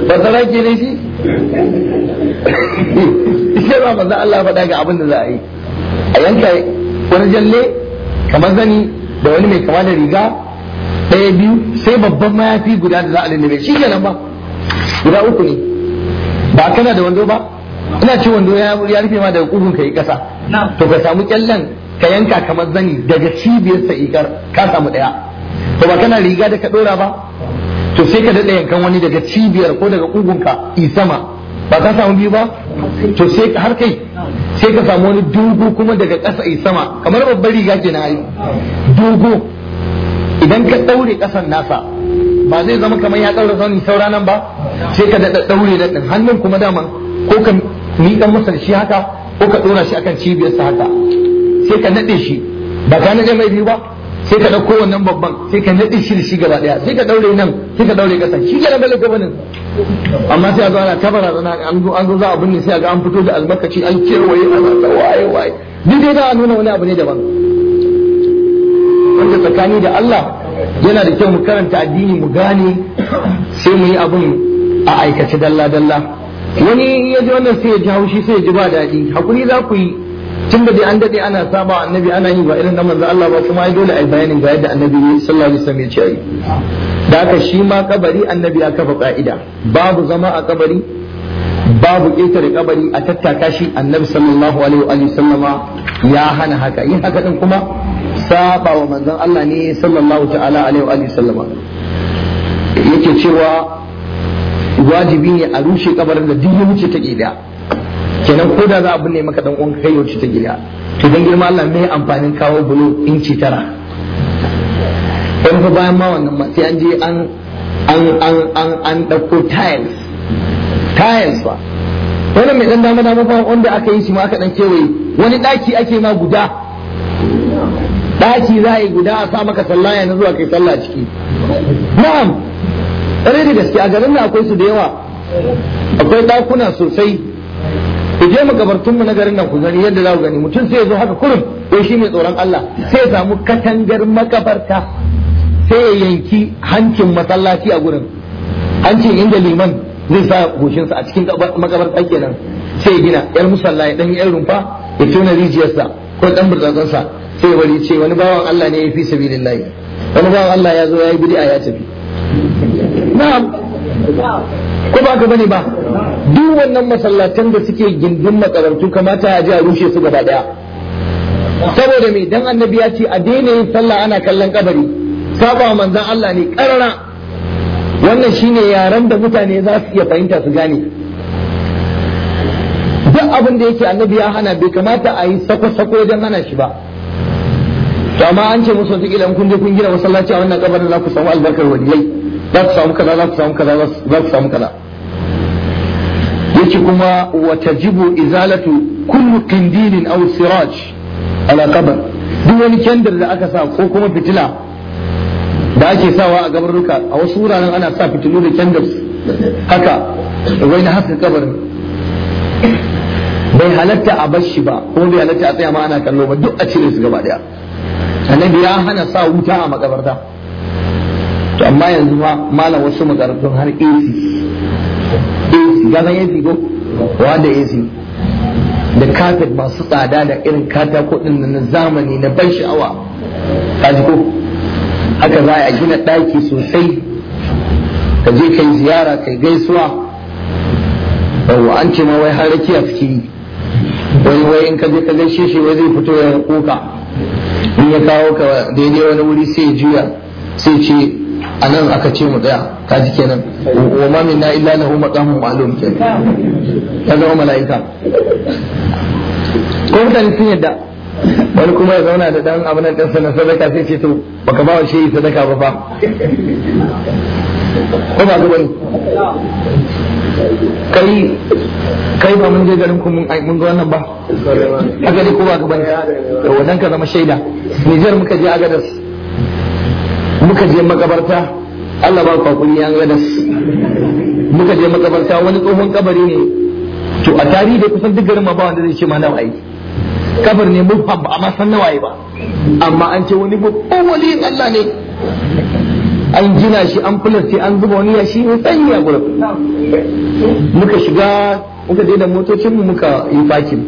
ba ne shi ishe ba maza Allah faɗa ga abin da za a yi a yanka wani jalle kamar zani da wani mai kama da riga ɗaya biyu sai babban mayafi guda da za a lullube shi nan ba guda uku ne ba kana da wando ba ina ce wando ya rufe ma daga kudun ka kasa to ka samu kyallan ka yanka kamar zani daga cibiyar sa ka samu daya to ba kana riga da ka dora ba to sai ka daɗa yankan wani daga cibiyar ko daga kugunka ka isama ba ka samu biyu ba to sai ka har kai sai ka samu wani dogo kuma daga ƙasa isama kamar babbar riga na ayi dogo idan ka ɗaure ƙasan nasa ba zai zama kamar ya daura sauni saura nan ba sai ka daɗa ɗaure daɗin hannun kuma dama ko ka miƙan masa shi haka ko ka ɗora shi akan cibiyarsa haka sai ka naɗe shi ba ka naɗe mai biyu ba sai ka ɗauko wannan babban sai ka naɗe shi da shi gaba ɗaya sai ka ɗaure nan sai ka ɗaure ƙasa shi da bai gabanin amma sai a zo ana tabara zana an zo an zo za a binne sai a ga an fito da almakaci an kewaye ana ta waye waye duk dai za a nuna wani abu ne daban wanda tsakani da Allah yana da kyau mu karanta addini mu gane sai mu yi abin a aikace dalla dalla wani ya ji wannan sai ya ji haushi sai ya ji ba daɗi hakuri za ku yi tun da dai an daɗe ana saba annabi ana yi ba irin na manzo Allah ba kuma ai dole ai bayanin ga yadda annabi sallallahu alaihi wasallam ya ce da haka shi ma kabari annabi ya kafa ka'ida babu zama a kabari babu ƙetare kabari a tattaka shi annabi sallallahu alaihi wa sallama ya hana haka yin haka din kuma saba wa manzon Allah ne sallallahu ta'ala alaihi wa sallam yake cewa wajibi ne a rushe kabarin da duk ya wuce ta gida kenan ko da za a binne maka dan uwan kai wuce ta gida to dan girma Allah me amfanin kawo bulo inci tara dan fa bayan ma wannan ma sai an je an an an an an dauko tiles tiles ba wannan mai dan dama dama ba wanda aka yi shi ma aka dan kewaye wani daki ake ma guda daki za a yi guda a sa maka sallah yana zuwa kai sallah ciki na'am ɗare da gaske a garin da akwai su da yawa akwai ɗakuna sosai ku je mu na garin nan ku gani yadda za ku gani mutum sai ya zo haka kurum ko shi mai tsoron Allah sai ya samu katangar makabarta sai ya yanki hancin masallaci a gurin hancin inda liman zai sa sa a cikin makabarta kenan sai ya gina yar musalla dan yar rumfa ya tona rijiyarsa ko dan sa sai ya bari ce wani bawan Allah ne ya fi sabilillahi wani bawan Allah ya zo ya yi bid'a ya tafi na'am ko ba ka bane ba duk wannan masallatan da suke gindin makarantu kamata a je a rushe su gaba daya saboda me dan annabi ya ce a daina yin sallah ana kallon kabari saba manzon Allah ne karara wannan shine yaran da mutane za su iya fahimta su gane duk abin da yake annabi ya hana bai kamata a yi sako-sako wajen hana shi ba to amma an ce musu wata kun je kun gina masallaci a wannan kabarin za ku samu albarkar waliyai za ku samu kaza za ku samu kaza za ku samu kaza yace kuma wa tajibu izalatu kullu qindilin aw siraj ala qabr duk wani kendir da aka sa ko kuma fitila da ake sawa a gabaruka a wasu wuraren ana sa fitilu da kendir haka wai na haka kabar bai halatta a bar ba ko bai halatta a tsaya ma ana kallo ba duk a cire su gaba daya annabi ya hana sa wuta a makabarta to amma yanzu ma malam wasu makarantun har AC AC ga AC ko wa da AC da kafet masu tsada da irin katako din na zamani na ban sha'awa ji ko haka za a gina ɗaki sosai ka je kai ziyara kai gaisuwa yawwa an ce ma wai har rakiya suke wai wai in ka je ka gaishe shi wai zai fito ya koka in ya kawo ka daidai wani wuri sai juya sai ce a nan aka ce mu daya ka ji kenan wa ma minna illa lahu maqamun ma'lum kenan ya zama mala'ika ko mutane sun yadda wani kuma ya zauna da dan abin dan sanan sadaka sai ce to baka ba wa shehi sadaka ba fa ko ba zuwa kai kai ba mun je garin ku mun mun ga wannan ba haka dai ko ba ka bane to wannan ka zama shaida Nijar muka je Agadas muka je makabarta Allah ba kwakuri ya gadas muka je makabarta wani tsohon kabari ne to a tarihi da kusan duk garin ma ba wanda zai ce ma nawa yi kabar ne mubham ba amma san nawa yi ba amma an ce wani babban wali Allah ne an gina shi an fulasti an zuba wani yashi mai sanyi a gurin muka shiga muka daina motocin mu muka yi fakin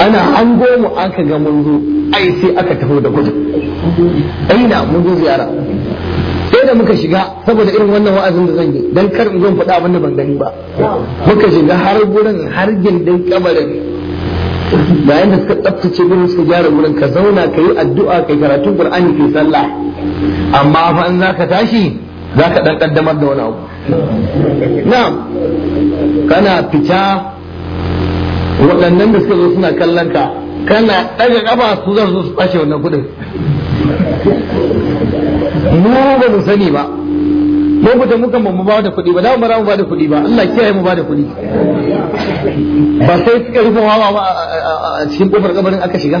ana an goma aka ga mun zo ai sai aka taho da gudu aina mun zo ziyara sai da muka shiga saboda irin wannan wa'azin da zan yi dan kar in zo faɗa abin ban gani ba muka shiga har gurin har gindin kabarin bayan da suka tsaftace gurin suka gyara gurin ka zauna ka yi addu'a kai karatun qur'ani ka sallah amma fa an zaka tashi zaka dan kaddamar da wani abu na'am kana fita waɗannan da suka zo suna kallon ka kana daga kafa su za su bace wannan kudin mu ba mu sani ba mun fita mukan ba mu ba da kuɗi ba da mu ba da kuɗi ba Allah kiyaye mu ba da kuɗi ba sai suka rufe wawa ba a cikin kofar kabarin aka shiga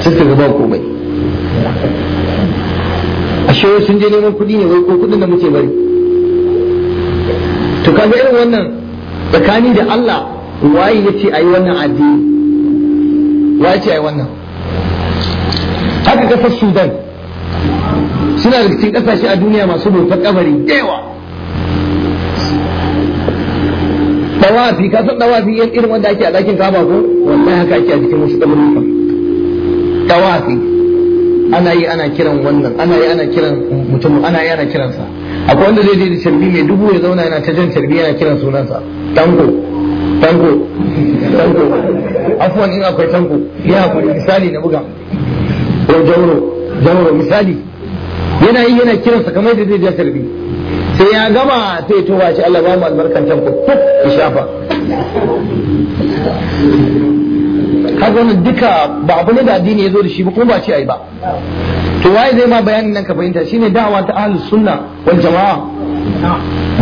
sai suka ba komai ashe sun je neman kuɗi ne wai ko kuɗin da muke bari to kaga irin wannan tsakani da Allah waye yace ayi wannan addini wa ai wannan haka kasar sudan suna da cikin kasashe a duniya masu bautar kabari yawa dawafi ka san dawafi yan irin wanda ake a dakin kaba ko wallahi haka ake a cikin wasu kaburuka dawafi ana yi ana kiran wannan ana yi ana kiran mutum ana yi ana kiransa akwai wanda zai je da tarbi mai dubu ya zauna yana ta jan tarbi yana kiran sunansa danko tanko tanko afuwan in akwai tanko ya hakuri misali na buga ko jauro jauro misali yana yi yana sa kamar da zai ja kalbi sai ya gama sai towa shi Allah ba mu albarkan tanko ya shafa kaga wannan duka ba abu ne da addini ya zo da shi ba kuma ba ce ai ba to waye zai ma bayanin nan ka fahimta shine da'awa ta ahlus sunna wal jamaa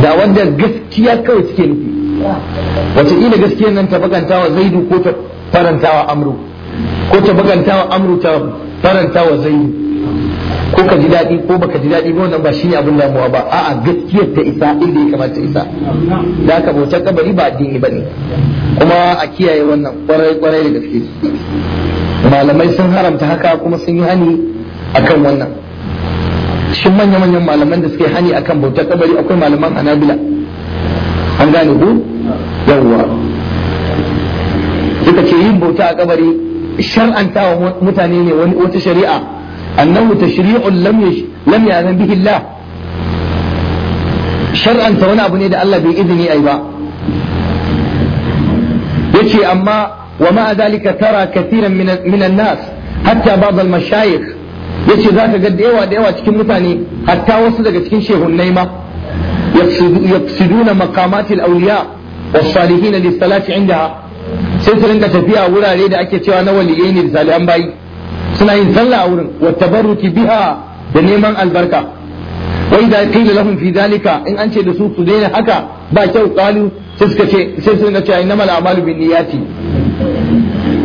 da wanda gaskiya kawai suke nufi wataƙila gaskiya nan ta bagantawa zaidu ko ta farantawa amru ko ta bagantawa amru ta farantawa zaidu ko ka ji daɗi ko baka ji daɗi ba wannan ba shine abin damuwa ba a'a gaskiyar ta isa inda ya kamata isa da aka bautar kabari ba addini bane kuma a kiyaye wannan kwarai kwarai da gaske malamai sun haramta haka kuma sun yi hani akan wannan shin manya-manyan malaman da suke hani akan bautar kabari akwai malaman anabila an gane ku yawwa suka ce yin bauta a kabari shar'anta wa mutane ne wani wata shari'a annahu tashri'un lam lam ya'lam bihi Allah shar'anta wani abu ne da Allah bai izini ai ba yace amma wa ma zalika tara katiran min an-nas hatta ba'd al-mashayikh yace zaka ga da yawa da yawa cikin mutane hatta wasu daga cikin shehunnai ma
yafsiduna
maqamatil awliya والصالحين للصلاة عندها sai su rinka tafiya wurare da ake cewa na waliyai ne da salihan bayi suna yin sallah a wurin wa tabarruki biha da neman albarka Wai idza qila lahum fi in an ce da su su daina haka ba kyau qalu sai suka ce sai su rinka cewa innamal a'malu binniyati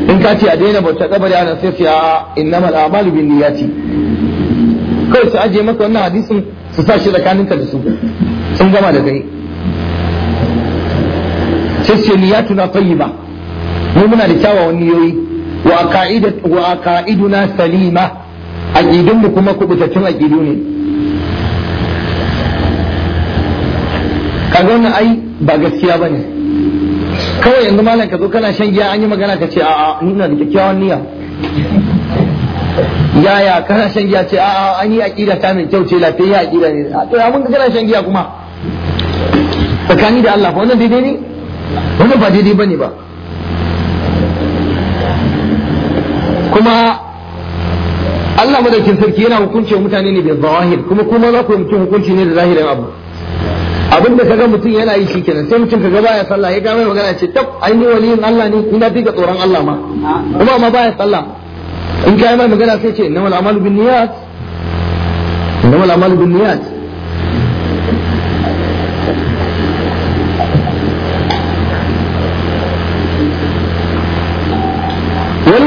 in a daina ana sai kai su ajiye maka wannan hadisin su sa tsakaninka da su sun gama da kai ce niyatuna tayyiba mu muna da kyawawan niyoyi wa aqaidat wa aqaiduna salima a mu kuma kubutattun a ne kaga wannan ai ba gaskiya bane kawai yanzu malam ka zo kana shan giya an yi magana ka ce a'a ni ina da kyakkyawan niyya yaya kana shan giya ce a'a an yi aqida ta mai kyau ce lafiya aqida ne to ya mun kana shan giya kuma tsakani da Allah ba wannan daidai ne wannan ba daidai bane ba kuma Allah madaukin sarki yana hukunci wa mutane ne bil zawahir kuma kuma za ku mutum hukunci ne da zahirin abu abin da kaga mutum yana yi shi kenan sai mutum kaga baya sallah ya ga mai magana ce tab ai waliyin Allah ne ina diga tsoron Allah ma kuma ma baya sallah in kai mai magana sai ce innamal amalu binniyat innamal amalu binniyat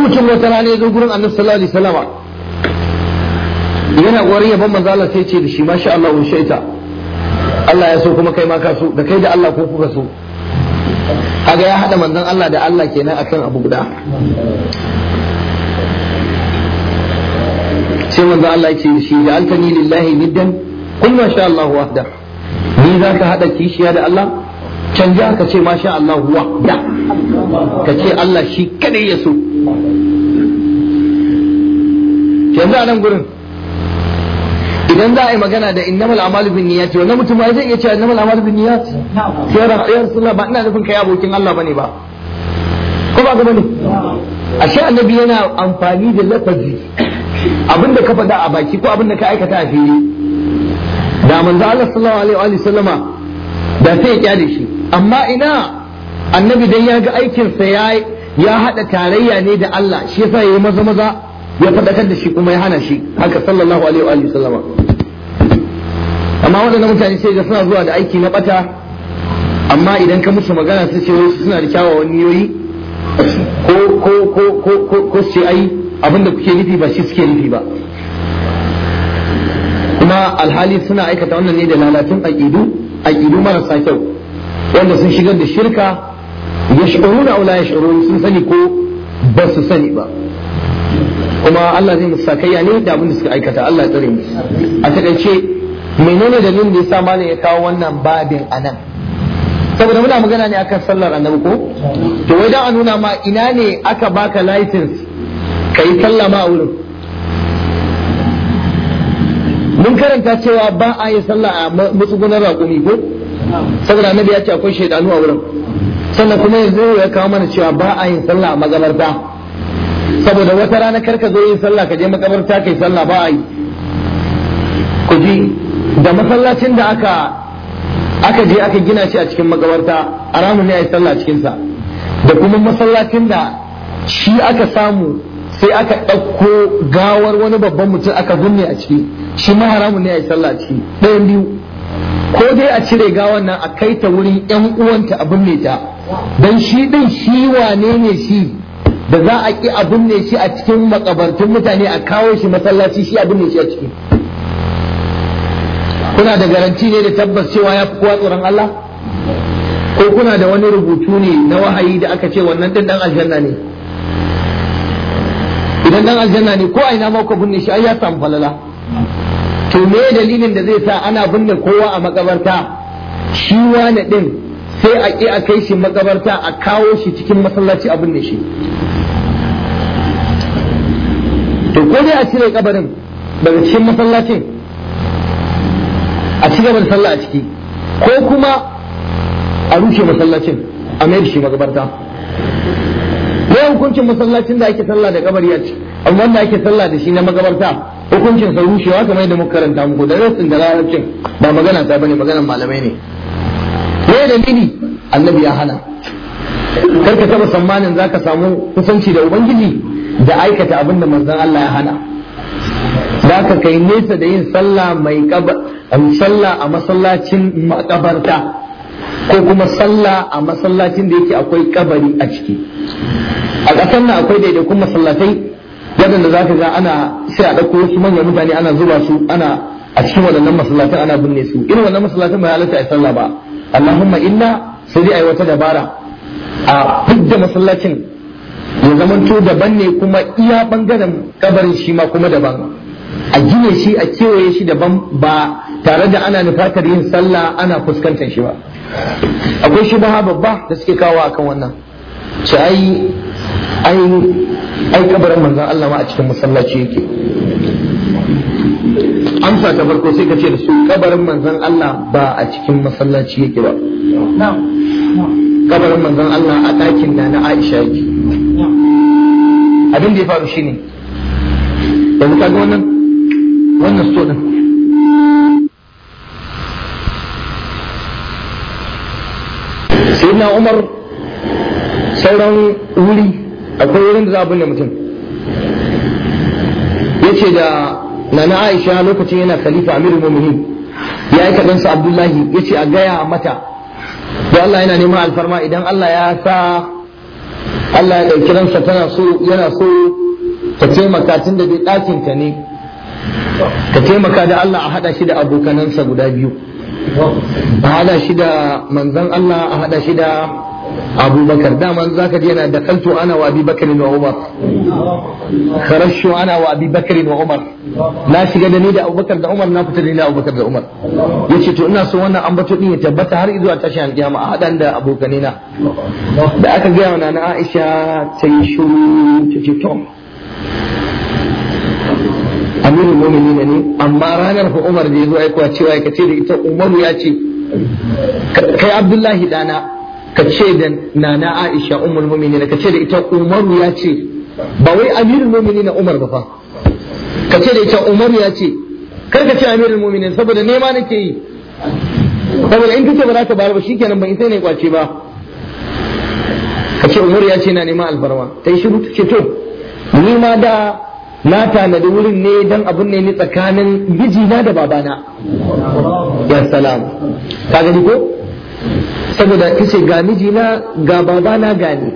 mutum wata rana ya zo gurin annabi sallallahu alaihi wasallama yana gwari yabon manzo Allah sai ce da shi masha Allah in shaita Allah ya so kuma kai ma ka so da kai da Allah ko kuka so kaga ya hada manzon Allah da Allah kenan akan abu guda sai manzo Allah ya ce da shi ja'altani lillahi niddan kun masha Allah wahda ni za ka hada kishiya da Allah canja ka ce masha Allah wahda ka ce Allah shi kadai ya so yanzu a nan gurin idan za a yi magana da innamal amalu bin niyyati wannan mutum ba zai iya cewa innamal amalu bin niyyat ya rasulullah ba ina nufin kai abokin Allah bane ba ko ba gaba ne ashe annabi yana amfani da lafazi abinda ka faɗa a baki ko abinda ka aikata a fili da manzo Allah sallallahu alaihi wa sallama da sai ya kyale shi amma ina annabi dan ya ga aikinsa ya ya haɗa tarayya ne da Allah shi yasa yayi maza maza ya faɗakar da shi kuma ya hana shi haka sallallahu alaihi wa sallama amma wannan mutane sai ga suna zuwa da aiki na bata amma idan ka musu magana su ce suna da kyawawan niyoyi ko ko ko ko ko su ce ai abinda kuke nufi ba shi suke nufi ba kuma alhali suna aikata wannan ne da lalatun aƙidu aƙidu marasa kyau wanda sun shigar da shirka yash'uruna aw la yash'urun sun sani ko ba su sani ba kuma Allah zai sakayya ne da abin da suka aikata Allah ya tsare a takaice menene dalilin da yasa malam ya kawo wannan babin anan saboda muna magana ne akan sallar annabi ko to wai dan a nuna ma ina ne aka baka ka kai talla ma a wurin mun karanta cewa ba a yi sallah a matsugunar raƙumi ko saboda annabi ya ce akwai shaidanu a wurin sannan kuma yanzu ya kawo mana cewa ba a yin sallah a magabarta saboda wata rana karka zo yin sallah ka je makabarta kai sallah ba a yi ku ji da masallacin da aka je aka gina shi a cikin makabarta haramun ne a yi sallah cikin sa da kuma masallacin da shi aka samu sai aka ɗauko gawar wani babban mutum aka binne a ciki shi ma haramun ne a yi sallah ciki ɗayan biyu ko dai a cire gawar nan a kai ta wurin 'yan uwanta a binne ta Don shi din shi wane ne shi da za a ki abin ne shi a cikin makabartun mutane a kawo shi masallaci shi abin ne shi a ciki kuna da garanti ne da tabbas cewa ya fi kowa tsoron Allah ko kuna da wani rubutu ne na wahayi da aka ce wannan din dan aljanna ne idan dan aljanna ne ko a ina mako binne shi ai ya samu falala to me dalilin da zai sa ana binne kowa a makabarta shi wani din sai a ƙi a kai shi makabarta a kawo shi cikin masallaci abin da shi to ko dai a cire kabarin daga cikin masallacin a ci gaba da sallah a ciki ko kuma a rushe masallacin a mayar shi makabarta ko hukuncin masallacin da ake sallah da kabari a ciki amma wanda ake sallah da shi na makabarta hukuncin sa rushewa kamar yadda muka karanta muku da rasin da larabcin ba magana ta bane maganar malamai ne me dalili annabi ya hana karka ka taba tsammanin zaka samu kusanci da ubangiji da aikata abin da manzon Allah ya hana za ka kai nesa da yin sallah mai sallah a masallacin makabarta ko kuma sallah a masallacin da yake akwai kabari a ciki a ƙasar nan akwai daidaikun masallatai yadda za ka ga ana sai a ɗauko wasu manyan mutane ana zuba su ana a cikin waɗannan masallatan ana binne su irin wannan masallatan bai halatta a sallah ba Allahumma illa sai dai aiwata wata dabara a fidda masallacin ya zamanto daban ne kuma iya bangaren kabarin shi ma kuma daban a gine shi a kewaye shi daban ba tare da ana nufatar yin sallah ana fuskantar shi ba akwai shi ba babba da suke kawo akan wannan ce ai ai ai kabarin manzon Allah ma a cikin masallaci yake amsa ta farko sai ka ce da su kabarin manzon Allah ba a cikin masallaci yake ba kabarin manzon Allah a ɗakin da na Aisha yake abin da ya faru shine yanzu ga wannan wannan sto din sayyidina Umar sauran wuri akwai wurin da za a binne mutum yace da nana aisha lokacin yana khalifa amirul mu'minin ya aika ɗansa abdullahi ya ce a gaya mata da Allah yana neman alfarma idan Allah ya sa Allah ya ɗauki ransa tana so yana so ta taimaka tun da dai ɗakin ne ka taimaka da Allah a haɗa shi da abokanansa guda biyu a haɗa shi da manzon Allah a haɗa shi da Abu Bakar daman za ka yana da kaltu ana wa abubakar wa umar kharashu ana wa abubakar wa umar na shiga da ni da abubakar da umar na fita da ni da abubakar da umar yace to ina so wannan ambato din ya tabbata har zuwa tashin alkiyama a hadan da abokanina da aka gaya wa nana Aisha ta yi shiru ta ce to amirul mu'minin ne amma ranar fa umar da ya zo aikowa cewa ya kace da ita umaru ya ce kai abdullahi dana ka ce da nana Aisha ummul mu'minin ka ce da ita Umaru ya ce ba wai amirul na Umar ba fa ka ce da ita Umaru ya ce kar ka ce amirul mu'minin saboda nema nake yi saboda in kace ba za ka bayar ba shikenan ban sai ne kwace ba ka ce Umaru ya ce na nema alfarma tai shi ce to ni ma da na tanadi wurin ne dan abun ne ni tsakanin mijina da babana ya salam ka gani ko saboda ta ce ga mijina ga babana na ni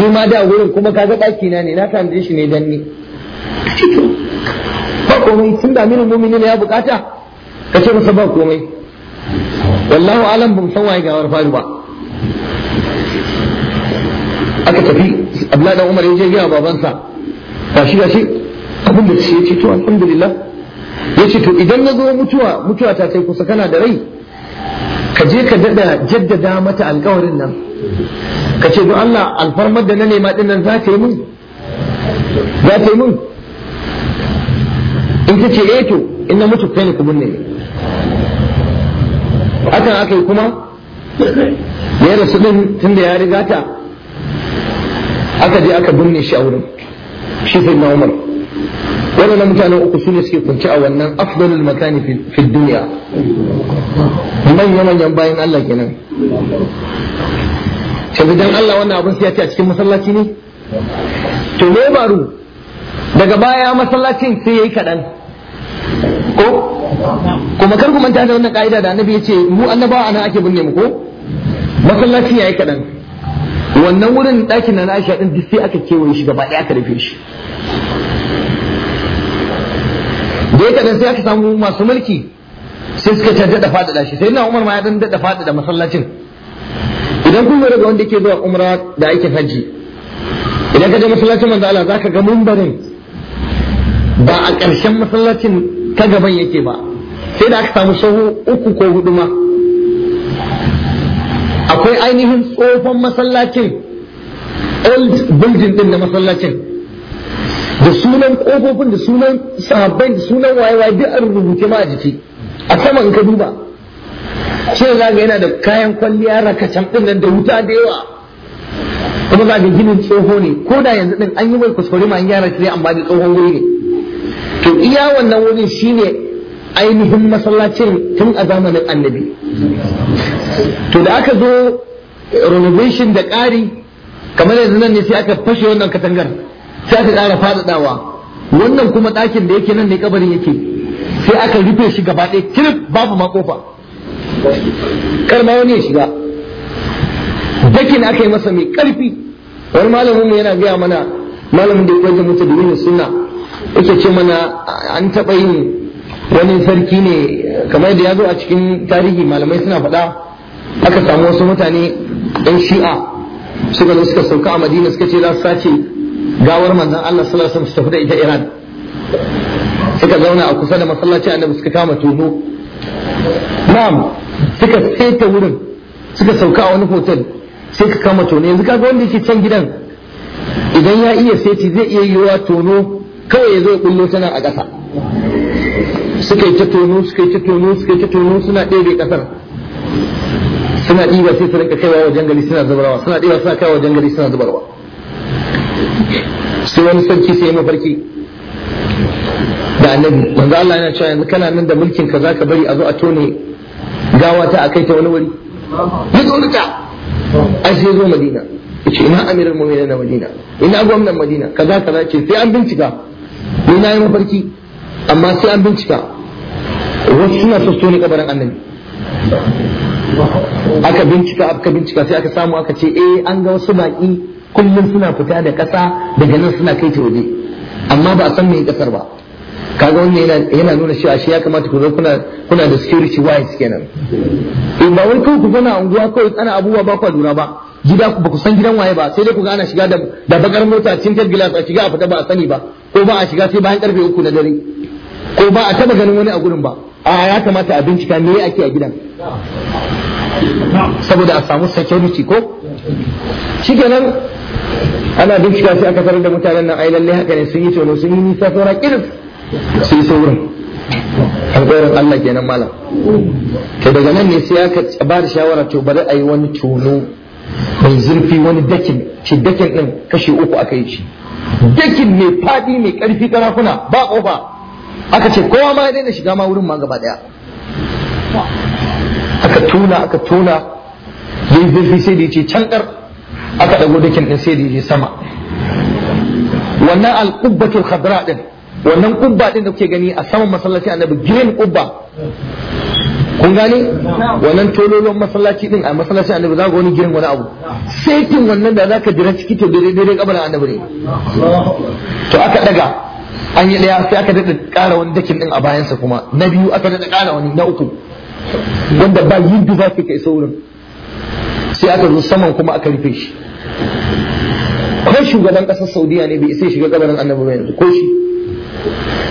ni ma da wurin kuma kaga ɗaki na ne na tanade shi ne dan ni ba komai tun da aminin mumini ne ya bukata ka ce masa ba komai wallahu alam ban san waye gawar faru ba aka tafi abla umar ya je babansa ba shi da abin da shi ya ce to alhamdulillah ya ce to idan na zo mutuwa mutuwa ta kai kusa kana da rai ka je ka dada jaddada mata alkawarin nan ka ce don Allah alfarmar da na nema din nan za ta yi mun za ta yi mun in ta ce eh to in na mutu kai ne ku binne akan aka yi kuma da ya rasu din tun da ya riga ta aka je aka binne shi a wurin shi sai na Umar waɗannan mutanen uku su ne suke kunci a wannan afdalul makani fi duniya manya manyan bayan Allah kenan shi dan Allah wannan abin sai ya ce a cikin masallaci ne to me baro daga baya masallacin sai yayi kaɗan ko kuma kar ku manta da wannan ka'ida da annabi ya ce mu annabawa anan ake binne mu ko masallacin yayi kaɗan wannan wurin ɗakin na Aisha din duk sai aka kewaye shi gaba ɗaya aka rufe shi da ya kaɗan sai aka samu masu mulki sai suka canza da faɗaɗa shi sai na umar ma ya dan da faɗaɗa masallacin idan kun lura ga wanda ke zuwa umra da aikin hajji idan ka je masallacin manzo Allah zaka ga mumbarin ba a ƙarshen masallacin ta gaban yake ba sai da aka samu sahu uku ko hudu ma akwai ainihin tsohon masallacin old building din na masallacin da sunan kofofin da sunan sahabbai da sunan wayewaye duk an rubuce ma a jiki a sama in ka duba sai za ga yana da kayan kwalliya rakacan din nan da wuta da yawa kuma za ga ginin tsoho ne ko da yanzu din an yi mai kuskure ma an gyara shi amma da tsohon wuri ne to iya wannan wurin shine ainihin masallacin tun a zamanin annabi to da aka zo renovation da ƙari kamar yanzu nan ne sai aka fashe wannan katangar sai aka ƙara faɗaɗawa wannan kuma ɗakin da yake nan ne kabarin yake sai aka rufe shi gaba ɗaya kirif babu ma kofa kar ma wani ya shiga dakin aka yi masa mai ƙarfi wani malamin yana gaya mana malamin da ya kwanta mutu da sunna yake ce mana an taɓa yin wani sarki ne kamar da ya zo a cikin tarihi malamai suna faɗa aka samu wasu mutane ɗan shi'a suka zo suka sauka a madina suka ce za su sace gawar manzan Allah sallallahu alaihi wasallam su tafi da ita Iran suka zauna a kusa da masallaci annabi suka kama tono na'am suka saita wurin suka sauka a wani hotel sai ka kama tono yanzu kaga wanda yake can gidan idan ya iya saiti zai iya yiwa tono kawai ya zo ya kullo tana a ƙasa suka yi ta tono suka yi ta tono suka yi ta tono suna ɗebe ƙasar suna ɗiba sai su rinka kaiwa wajen gari suna zubarwa suna ɗiba suna kaiwa wajen gari suna zubarwa sai wani sarki sai mafarki da annabi manzo Allah yana cewa yanzu kana nan da mulkin ka zaka bari a zo a tone gawa ta akai ta wani wuri ya tsorata ai sai zo Madina yace ina amiral mu'minin na Madina ina gwamnan Madina kaza kaza ce sai an bincika ni na yi mafarki amma sai an bincika wasu suna so su ne kabarin annabi aka bincika aka bincika sai aka samu aka ce eh an ga wasu baki kullum suna fita da kasa daga nan suna kai ta waje amma ba a san mai ƙasar ba kaga wannan yana nuna cewa shi ya kamata ku zo kuna da security wise kenan in eh, ba wai kawai ku na unguwa kawai tsana abubuwa ba kwa lura ba gida ku ba ku san gidan waye ba sai dai ku ga ana shiga da da bakar mota cikin gilas a shiga a fita ba a sani ba ko ba a shiga sai bayan karfe uku na dare ko ba a taba ganin wani a gurin ba a ya kamata a bincika me ake a gidan saboda a samu security ko shikenan ana bincika sai aka sanar da mutanen nan ai lalle haka ne sun yi tono sun yi nisa saura kir sun yi saurin alƙawarin Allah kenan malam to daga nan ne sai aka ba da shawara to bari a yi wani tono mai zurfi wani dakin shi dakin din kashe uku aka yi shi dakin mai faɗi mai ƙarfi ƙarafuna ba ƙofa aka ce kowa ma ya daina shiga ma wurin ma gaba ɗaya aka tuna aka tuna yi zurfi sai da ya ce can aka dago dakin din sai da sama wannan alqubbatul khadra din wannan kubba din da kuke gani a saman masallaci annabi green kubba kun gane wannan tololon masallaci din a masallaci annabi za ga wani girin wani abu sai tun wannan da zaka jira ciki to daidai daidai kabarin annabi ne to aka daga an yi daya sai aka dada kara wani dakin din a bayansa kuma na biyu aka dada kara wani na uku wanda ba yin za ke kai saurin sai aka zo saman kuma aka rufe shi ko shugaban ƙasar saudiya ne bai isa shiga gabanin annabi ba yanzu ko shi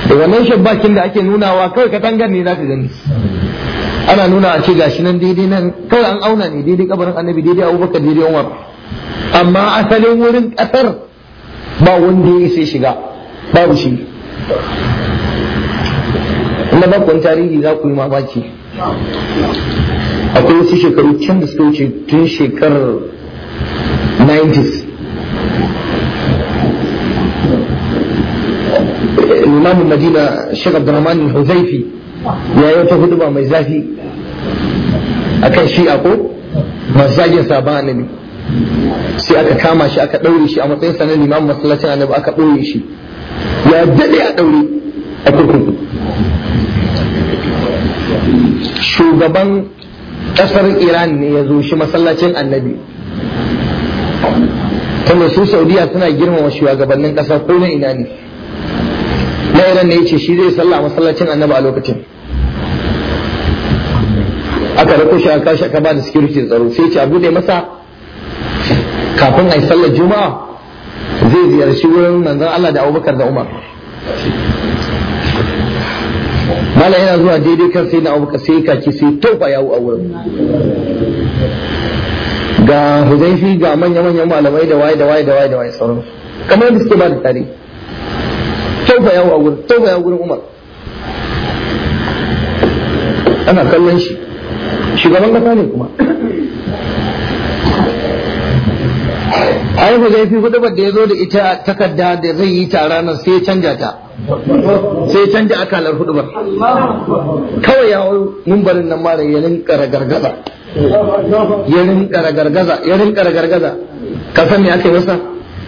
da wannan shabbakin da ake nunawa kawai tangar ne zaka gani ana nuna a ce gashi nan daidai nan kawai an auna ne daidai gabanin annabi daidai abubakar daidai umar amma asalin wurin kasar ba wanda ya isa shiga babu shi na bakon tarihi za ku yi mamaki akwai wasu shekaru can da suka wuce tun shekarar 90s imam madina shek abdurrahman huzaifi ya yi wata huduba mai zafi a kan shi ko masu zagin saba annabi sai aka kama shi aka ɗaure shi a matsayin sanar imam masallacin annabi aka ɗaure shi ya daɗe a ɗaure a kurkun shugaban ƙasar iran ne ya zo shi masallacin annabi tunda su saudiya suna girmama shugabannin kasa ko na ina ne na iran ne yace shi zai sallah masallacin annabi a lokacin aka rako shi aka shi ba da security tsaro sai ce a bude masa kafin a yi sallar juma'a zai ziyarci wurin manzon Allah da Abubakar da Umar mala yana zuwa daidai kan sai na abubakar sai kaki sai tofa yawo a wurin ga huzaifi ga manya-manyan malamai da waye da waye da waye da waye sauran kamar da suke ba da tare taufa yawo a gurin taufa yawo gurin umar ana kallon shi shugaban kasa ne kuma ai ku zai fi hudubar da ya zo da ita takarda da zai yi ta ranar sai canja ta sai canja akalar hudubar kawai ya hau mumbarin nan mara ya rinka ragargaza ya rinka ragargaza ya rinka ragargaza ka san me aka yi masa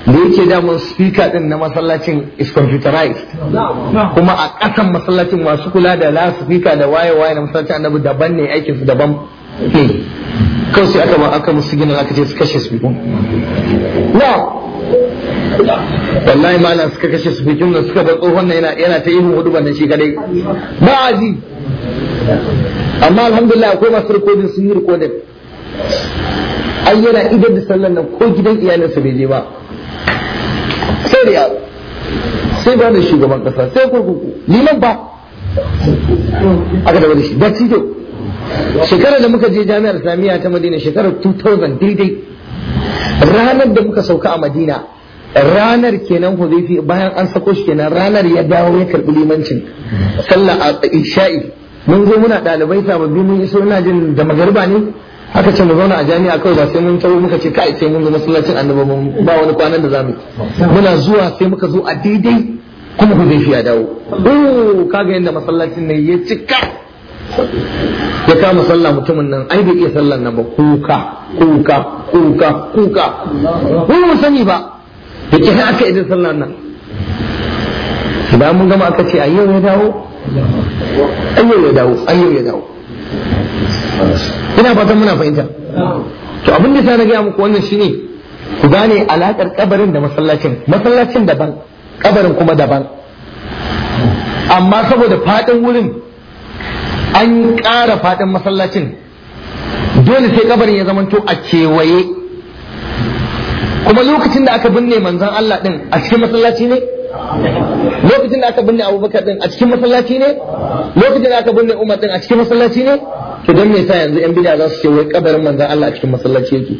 da yake damun speaker din na masallacin is computerized kuma a ƙasan masallacin masu kula da la speaker da waye waye na masallacin annabi daban ne su daban hmm. kawai sai aka aka musu gina aka ce su kashe su bikin na wallahi malam suka kashe su bikin na suka bar tsohon nan yana ta ihu hudu ban shi kadai ba'azi amma alhamdulillah akwai masu rikodin sun yi rikodin ai yana idan da sallan nan ko gidan sa bai je ba sai da sai ba da shugaban kasa sai ko kurkuku liman ba aka da wani shi da cikin shekarar da muka je jami'ar islamiyya ta madina shekarar 2000 daidai ranar da muka sauka a madina ranar kenan hudayfi bayan an sako shi kenan ranar ya dawo ya karbi limancin sallah a isha'i mun zo muna ɗalibai sababbi mun iso ina jin da magarba ne aka ce mu zauna a jami'a kawai da sai mun tawo muka ce kai sai mun zo masallacin annabi mun ba wani kwanan da zamu muna zuwa sai muka zo a daidai kuma hudayfi ya dawo oh kaga yanda masallacin ne ya cika ya kama sallah mutumin nan ai bai iya sallar nan ba kuka kuka kuka kuka mun mun sani ba da kira aka idan sallar nan idan mun gama aka ce ayyo ya dawo ayyo ya dawo ayyo ya dawo ina fatan muna fahimta to abin da na ga muku wannan shine ku gane alakar kabarin da masallacin masallacin daban kabarin kuma daban amma saboda fadin wurin an ƙara faɗin masallacin dole sai kabarin ya zamanto a kewaye kuma lokacin da aka binne manzan Allah ɗin a cikin masallaci ne lokacin da aka binne abubakar ɗin a cikin masallaci ne lokacin da aka binne umar ɗin a cikin masallaci ne to don me sa yanzu yan bid'a za su ce wai kabarin manzan Allah a cikin masallaci yake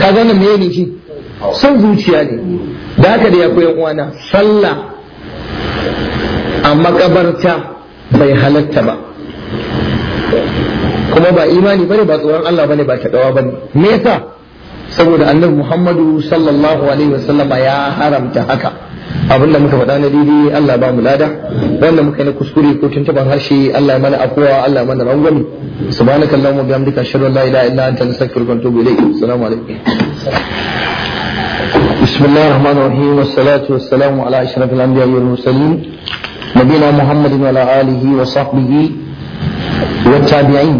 ka ga me ne shi son zuciya ne da haka da ya koyan uwana sallah a makabarta bai halatta ba kuma ba imani bane ba tsoron Allah bane ba takawa bane me yasa saboda annabi Muhammadu sallallahu alaihi wasallama ya haramta haka abinda muka faɗa na daidai Allah ba mu lada wanda muka yi na kuskure ko tuntuban harshe Allah mana afuwa Allah mana rangwami subhanaka allahumma bihamdika ashhadu an la ilaha illa anta astaghfiruka wa atubu ilayk assalamu alaikum بسم الله الرحمن الرحيم والصلاة والسلام على أشرف الأنبياء والمرسلين نبينا محمد وعلى آله وصحبه والتابعين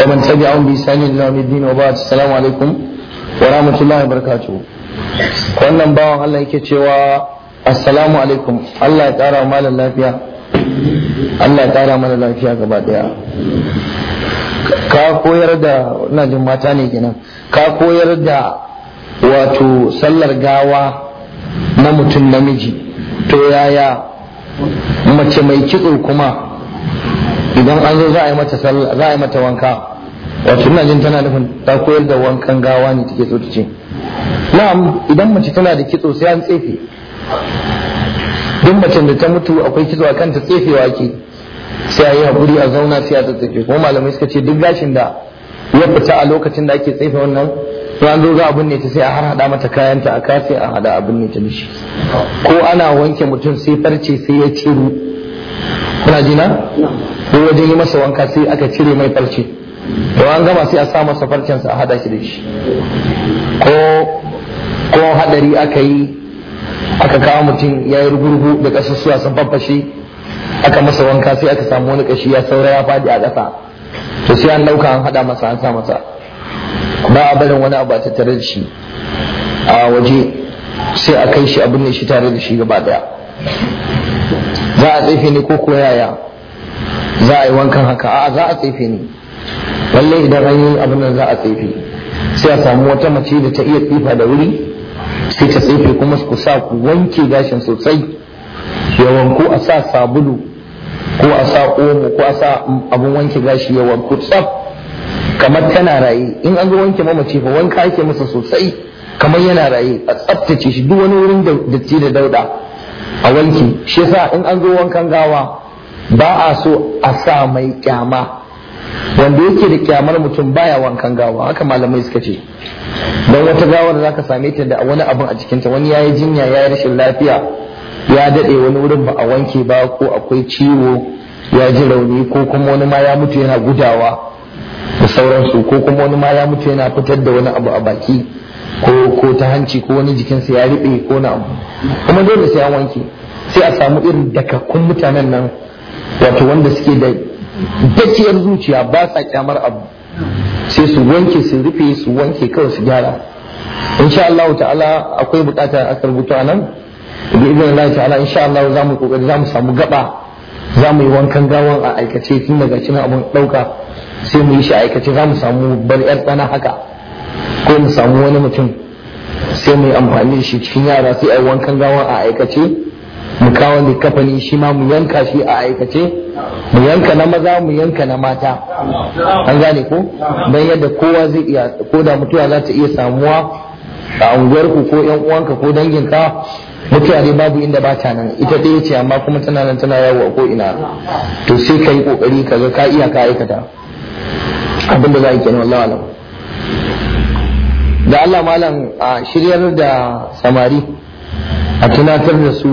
ومن تبعهم بإحسان إلى يوم الدين وبعد السلام عليكم ورحمة الله وبركاته wannan bawan Allah yake cewa assalamu alaikum Allah ya ƙara mana lafiya Allah ya ƙara mana lafiya gaba ɗaya. ka koyar da ina jin mata ne kenan ka koyar da wato sallar gawa na mutum namiji to yaya mace mai kitso kuma idan an zo za a yi mata sallah za yi mata wanka wato ina jin tana nufin ta koyar da wankan gawa ne take so ta ce na'am idan mace tana da kitso sai an tsefe duk macen da ta mutu akwai kitso a kanta tsefewa ke sai a yi haƙuri a zauna sai a tsatsefe kuma malamai suka ce duk gashin da ya fita a lokacin da ake tsefe wannan To an zo za a binne ta sai a har hada mata kayanta a kafe a hada a binne ta mishi ko ana wanke mutum sai farce sai ya ciro kuna jina ko wajen yi masa wanka sai aka cire mai farce to an gama sai a sa masa farcen sa a hada shi da shi ko ko hadari aka yi aka kawo mutum ya yi rugurgu da kasusuwa sun fafashe aka masa wanka sai aka samu wani kashi ya saura ya fadi a kasa to sai an dauka an hada masa an sa masa ba a barin wani abu a tattare da shi a waje sai a kai shi abin da shi tare da shi gaba daya za a tsefe ne ko ko yaya za a yi wankan haka a za a tsefe ne lallai idan an yi abin nan za a tsefe sai a samu wata mace da ta iya tsifa da wuri sai ta tsefe kuma ku sa ku wanke gashin sosai yawan ko a sa sabulu ko a sa omo ko a sa abin wanke gashi yawan kutsaf kamar tana raye in an zo wanke mamaci fa wanka yake masa sosai kamar yana raye a tsaftace shi duk wani wurin datti da dauda a wanki shi yasa in an zo wankan gawa ba a so a sa mai kyama wanda yake da kyamar mutum baya wankan gawa haka malamai suka ce don wata gawar za ka same ta da wani abin a ta, wani ya yi jinya ya yi rashin lafiya ya daɗe wani wurin ba a wanke ba ko akwai ciwo ya ji rauni ko kuma wani ma ya mutu yana gudawa da sauransu ko kuma wani ma ya mutu yana fitar da wani abu a baki ko ta hanci ko wani jikinsa ya riɓe ko na abu kuma dole sai an wanke sai a samu irin dakakkun mutanen nan wato wanda suke da dakiyar zuciya ba sa kyamar abu sai su wanke su rufe su wanke kawai su gyara insha Allah ta'ala akwai bukata a rubuta a nan da izinin Allah ta'ala insha Allah za mu kokari za mu samu gaba za mu yi wankan gawan a aikace tun daga cikin abun dauka sai mu yi shi aikace za mu samu bar yar tsana haka ko mu samu wani mutum sai mu yi amfani da shi cikin yara sai a wankan gawa a aikace mu kawo kafani shi ma mu yanka shi a aikace mu yanka na maza mu yanka na mata an gane ko don yadda kowa zai iya ko da mutuwa za ta iya samuwa a unguwarku ko yan uwanka ko danginka mutuwa dai babu inda ba ta nan ita dai ce amma kuma tana nan tana yawo ko ina to sai kai kokari ƙoƙari ka ga ka iya ka aikata abinda za a yi kenan wallahi alam da Allah malam a shiryar da samari a tunatar da su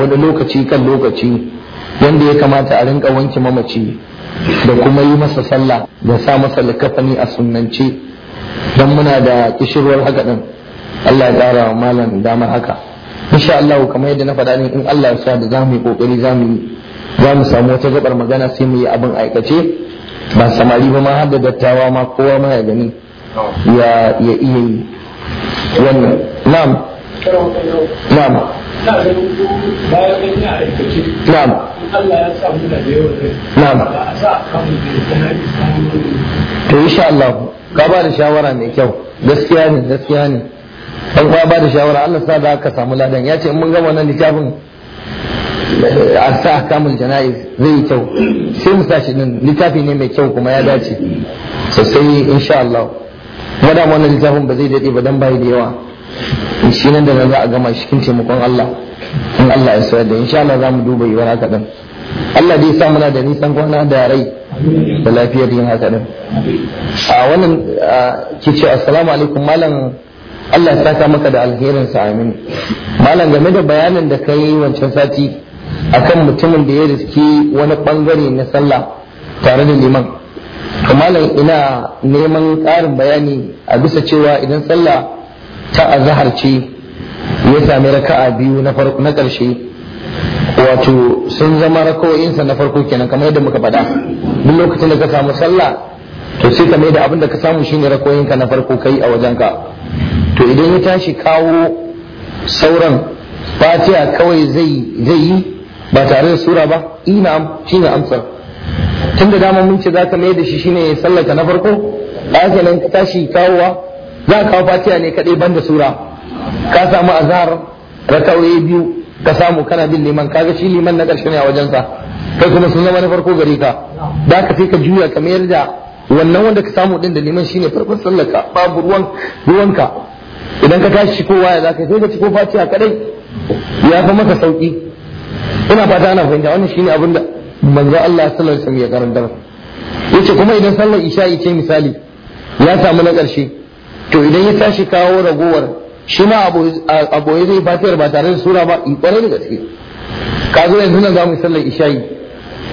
wani lokaci kan lokaci wanda ya kamata a rinka wanke mamaci da kuma yi masa sallah da sa masa likafani a sunnance don muna da kishirwar haka din Allah ya ƙara wa malam damar haka insha Allah kamar yadda na faɗa ne in Allah ya sa da za mu yi ƙoƙari za mu samu wata gabar magana sai mu yi abin aikace ba samari ba ma har da dattawa ma kowa ma ya gani ya iya yi wannan na'am na'am na'am na'am to insha Allah ka ba da shawara mai kyau gaskiya ne gaskiya ne dan kuma ba da shawara Allah sa da ka samu ladan ya ce in mun gama wannan littafin a sa kamun jana'iz zai yi kyau sai mu sa shi littafi ne mai kyau kuma ya dace sosai insha Allah madam wannan littafin ba zai dade ba dan bai da yawa shi nan da nan za a gama shi cikin taimakon Allah in Allah ya so da insha Allah za mu duba yi wani haka din Allah dai sa muna da nisan kwana da rai da lafiyar yin haka din a wannan ki ce assalamu alaikum malam Allah ya saka maka da alherin sa amin malam game da bayanin da kai wancan sati akan mutumin da ya riski wani bangare na sallah tare da liman kamalan ina neman ƙarin bayani a bisa cewa idan sallah ta azahar ce ya sami raka'a biyu na farko ƙarshe wato sun zama raka'o'insa na farko kenan kamar yadda muka faɗa duk lokacin da ka samu sallah to sai ka mai da abin da ka samu shine raka'o'inka na farko kai a ka to idan ya tashi kawo sauran fatiha kawai zai yi ba tare da sura ba ina ne amsar tun da dama mun ce za ka mai da shi shine ya sallaka na farko da ake nan ka tashi kawowa za ka kawo fatiha ne kaɗai banda sura ka samu azhar raka'o'i biyu ka samu kana bin liman kaga shi liman na ƙarshe ne a wajensa kai kuma sun zama na farko gari ka da ka sai ka juya ka mayar da wannan wanda ka samu din da liman shine farkon sallaka babu ruwan ruwanka idan ka tashi kowa ya za ka sai ka ci ko fatiha kaɗai ya fi maka sauki ina fata ana fahimta wannan shine abin da manzo Allah sallallahu alaihi wasallam ya karantar yace kuma idan sallar isha'i ce misali ya samu na karshe to idan ya tashi kawo ragowar shi ma aboye zai fatiyar ba tare da sura ba in kware ne gaske ka zo yanzu nan zamu mu sallar isha'i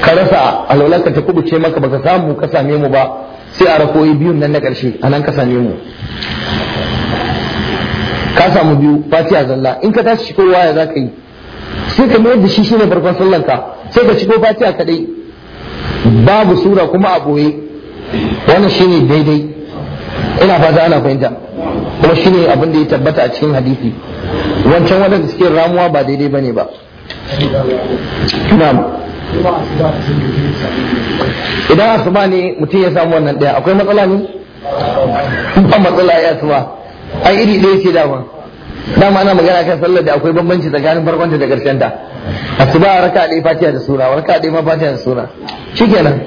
ka rasa alwalaka ta kubuce maka baka samu ka same mu ba sai a rakoyi biyun nan na karshe a ka same mu ka samu biyu fatiya zalla in ka tashi kowa ya za ka yi sai ka mayar da shi shine farkon sallarka. sai ka ciko fatiha kadai babu sura kuma a boye wannan shine daidai ina fata ana fahimta kuma shine abin da ya tabbata a cikin hadisi wancan wanda suke ramuwa ba daidai bane ba idan asuba ne mutum ya samu wannan daya akwai matsala ne ba matsala ya asuba ai iri ɗaya ce dama dama ana magana kan sallar da akwai bambanci tsakanin farkon ta da karshen ta asuba raka da fatiha da sura raka da fatiha da sura shikenan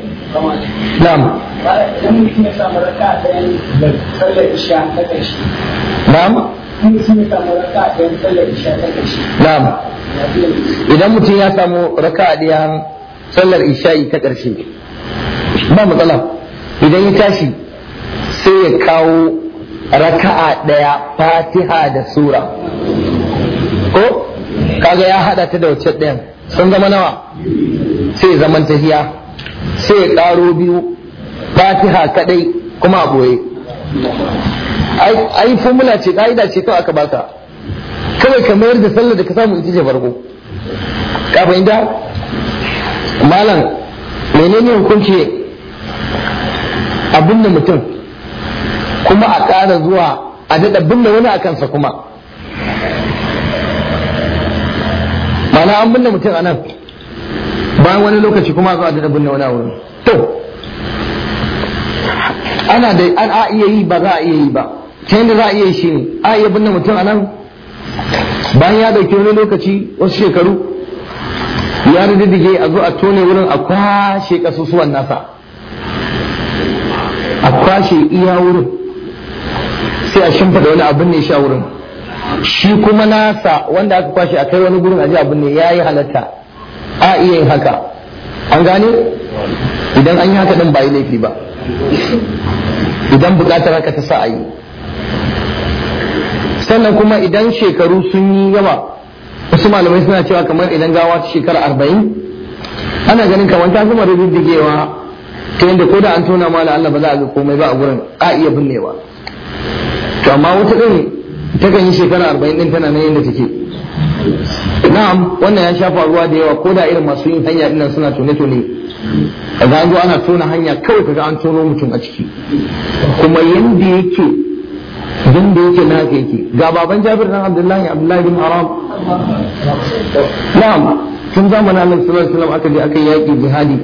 na'am na'am
na'am idan mutum ya samu raka ɗaya sallar isha'i ta ƙarshe ba matsala idan ya tashi sai ya kawo raka'a ɗaya fatiha da sura ko kaga ya haɗa ta da wacce ɗayan sun zama nawa sai zaman tahiya sai ya ƙaro biyu fatiha kaɗai kuma a ɓoye ai formula ce ƙa'ida ce kawai aka baka kawai ka mayar da sallar da ka samu ita ce farko ka fahimta malam menene hukunci abin da mutum kuma a ƙara zuwa a daɗa binne wani a kansa kuma mana an binne mutum a nan bayan wani lokaci kuma zuwa daɗa binne wani a wurin to ana da an a iya yi ba za a iya yi ba ta yadda za a iya yi shi ne a iya binne mutum a nan bayan ya ɗauki wani lokaci wasu shekaru ya riddige a zo a tone wurin a kwashe kasusuwan nasa a kwashe iya wurin a shimfiɗa wani abin ne sha wurin shi kuma nasa wanda aka kwashe a kai wani gurin ji abin ne ya yi halatta a iya yin haka an gane idan an yi haka din ba yi laifi ba idan buƙatar haka ta sa a yi sannan kuma idan shekaru sun yi yawa wasu malamai suna cewa kamar idan gawa ta shekara arba'in ana ganin kamar ta kuma digewa ta yadda ko da an tona mala Allah ba za a ga komai ba a gurin a iya binnewa to amma wata ɗin kan yi shekara arba'in ɗin tana nan yadda take na'am wannan ya sha faruwa da yawa ko da irin masu yin hanya dinnan suna tone-tone a an ana tona hanya kawai kaga an tono mutum a ciki kuma ya yake din da yake na ka yake ga baban Jabir dan Abdullahi Abdullahi bin Haram na'am tun zamanin Annabi sallallahu alaihi wasallam aka je aka yaki jihadi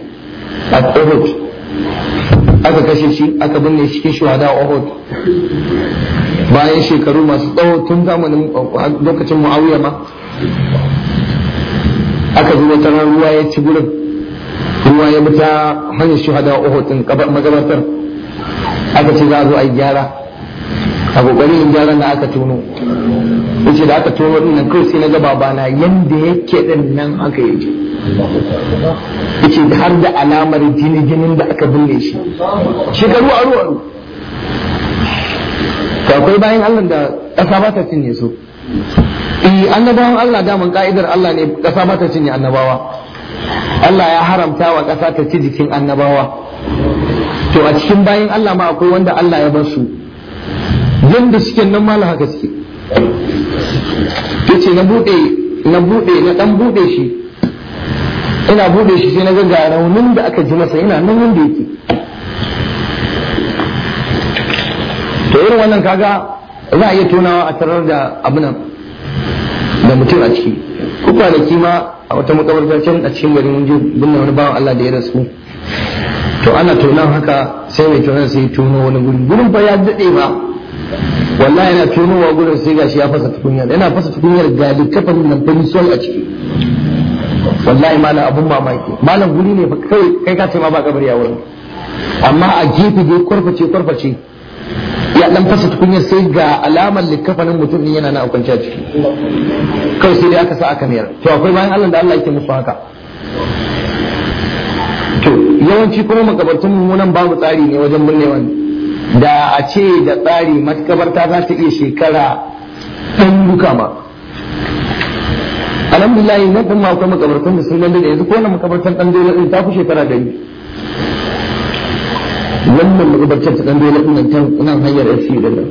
a Uhud aka kashe shi aka binne shi ke shuhada a Uhud bayan shekaru masu tsawo tun zamanin lokacin Muawiya ma aka zo ta ran ruwa ya ci gurin ruwa ya bi ta hanyar shuhada a Uhud din magabatar aka ce za a zo a yi gyara a kokarin gyaran da aka tono yace da aka tono din kai sai na ga babana yanda yake din nan aka yi yace har da alamar jini jinin da aka binne
shi shekaru aru aru
to akwai bayan Allah da ƙasa ba ta cinye su eh annabawan Allah daman ka'idar Allah ne ƙasa ba ta cinye annabawa Allah ya haramta wa ƙasa ta ci jikin annabawa to a cikin bayan Allah ma akwai wanda Allah ya bar su yadda suke nan ma haka suke ya ce na buɗe na ɗan buɗe shi ina buɗe shi sai na ga raunin da aka ji masa ina nan yadda yake to irin wannan kaga za a iya tonawa a tarar da abinan da mutum a ciki Kuka kwanaki ma a wata makabarta can a cikin garin mun je binne wani bawan Allah da ya rasu to ana tunan haka sai mai tunan sai tono wani guri gurin fa ya daɗe ba wallahi yana tunowa gudun sai gashi ya fasa tukunyar yana fasa tukunyar ga likafin nan ta misol a ciki wallahi malam abun mamaki malam guri ne kai kai ka ce ma ba kabari a wurin amma a gefe dai kwarface kwarface ya dan fasa tukunyar sai ga alamar likafanin mutum yana na kwance a ciki kai sai dai aka sa aka mayar to akwai bayan Allah da Allah yake musu haka to yawanci kuma makabartun mu nan babu tsari ne wajen binnewa ne da a ce da tsari matkabarta za ta iya shekara ɗan duka ma alhamdulillah na kuma akwai makabartan da sun da yanzu ko wannan makabartan ɗan dole ɗin ta fi shekara ɗari wannan makabartan ta ɗan dole ɗin ta nan hanyar FC da nan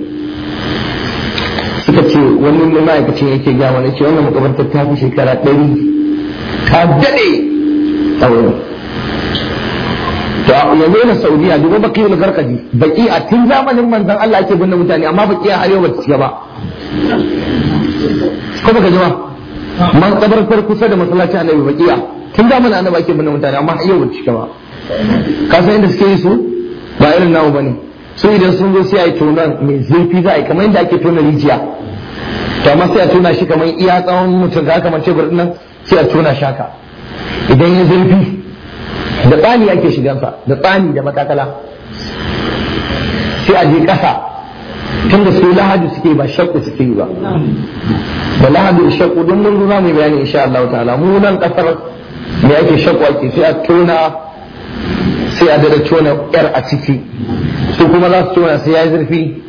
suka ce wani ma'aikacin yake gama na ce wannan makabartan ta fi shekara ɗari ta daɗe a wurin to yanzu na saudiya duba baki wani garkadi baki a tun zamanin manzan Allah ake binne mutane amma baki a arewa yau ba ba ko baka ji ba man kabartar kusa da masallaci annabi baki tun zamanin annabi ake binne mutane amma a yau ba ta ba ka san inda suke yi su ba irin namu bane su idan sun zo sai a tona tonan mai zurfi za a yi kamar yadda ake tona rijiya to amma sai a tona shi kamar iya tsawon mutum da aka mace gurdin nan sai a tona shaka idan ya zurfi da tsani ake shigansa da tsani da matakala sai a je ƙasa tunda su lahadu suke ba shakku suke yi ba da lahadu shakku don mun zuwa mai bayani insha Allah ta'ala mu nan kasar
me ake shakku
ake sai a tona sai a dada tona yar a ciki su kuma za su tona sai ya yi zurfi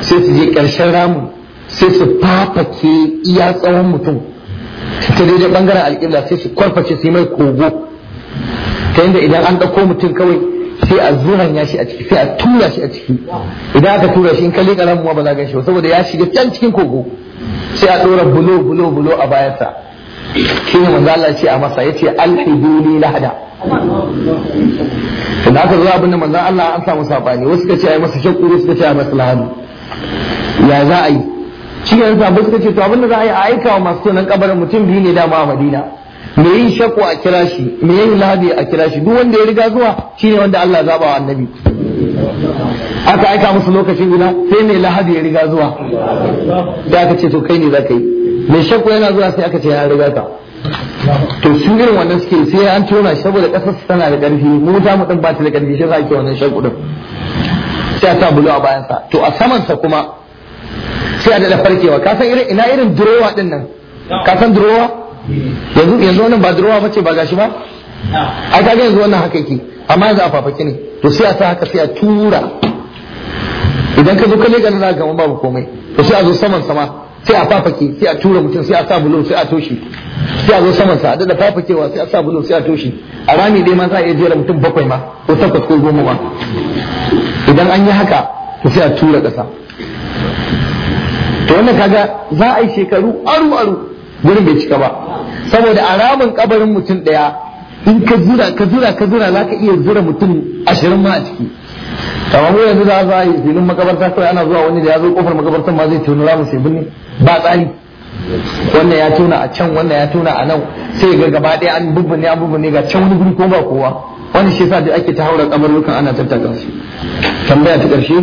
sai su je ƙarshen ramu sai su fafake iya tsawon mutum ta daidai bangaren alƙibla sai su kwarface su yi mai kogo ta inda idan an ɗauko mutum kawai sai a ya shi a ciki sai a tura shi a ciki idan aka tura shi in kalli leƙa ma ba za ka shi ba saboda ya shiga can cikin kogo sai a ɗora bulo bulo bulo a bayansa shi ne manzo Allah ce a masa yace alhiduni lahada da aka zo abin da manzo Allah an samu sabani wasu suka ce ai masa shakku wasu suka ce ai masa lahadu ya za a yi shi ne suka ce to abin da za a yi a aika wa masu tunan kabarin mutum biyu ne dama a Madina me yin shaku a kira shi me yin lahadi a kira shi duk wanda ya riga zuwa shine wanda Allah zaba wa annabi aka aika musu lokacin gina sai mai lahadi ya riga zuwa da aka ce to kai ne zaka yi mai shaku yana zuwa sai aka ce ya riga ka to su irin wannan suke sai an tona saboda kasar tana da karfi mu ta mu din ba ta da karfi shi yi wannan shaku din sai a sa a bayan sa to a saman sa kuma sai a da farkewa ka irin ina irin durowa din nan ka durowa yanzu yanzu wannan ba durowa bace ba gashi ba ai kaga yanzu wannan haka yake amma yanzu a ne to sai a sa haka sai a tura idan ka zo ka lega na ga babu komai to sai a zo saman sama sai a fafake sai a tura mutum sai a sa bulo sai a toshe sai a zo saman sa a dada fafakewa sai a sa bulo sai a toshe a rami dai ma za a iya jera mutum bakwai ma ko takwas ko goma ma idan an yi haka to sai a tura ƙasa to wannan kaga za a yi shekaru aru aru gurin bai cika ba saboda a ramin kabarin mutum daya in ka zura ka zura ka zura za ka iya zura mutum ashirin ma a ciki amma mu yanzu za a yi filin makabarta kawai ana zuwa wani da ya zo kofar makabartar ma zai tona ramin sai binne ba tsari wannan ya tona a can wannan ya tona a nan sai ga gaba ɗaya an bubbune an bubbune ga can wani guri ko ba kowa wani shi yasa da ake ta haura kabarukan ana tattaka su tambaya ta ƙarshe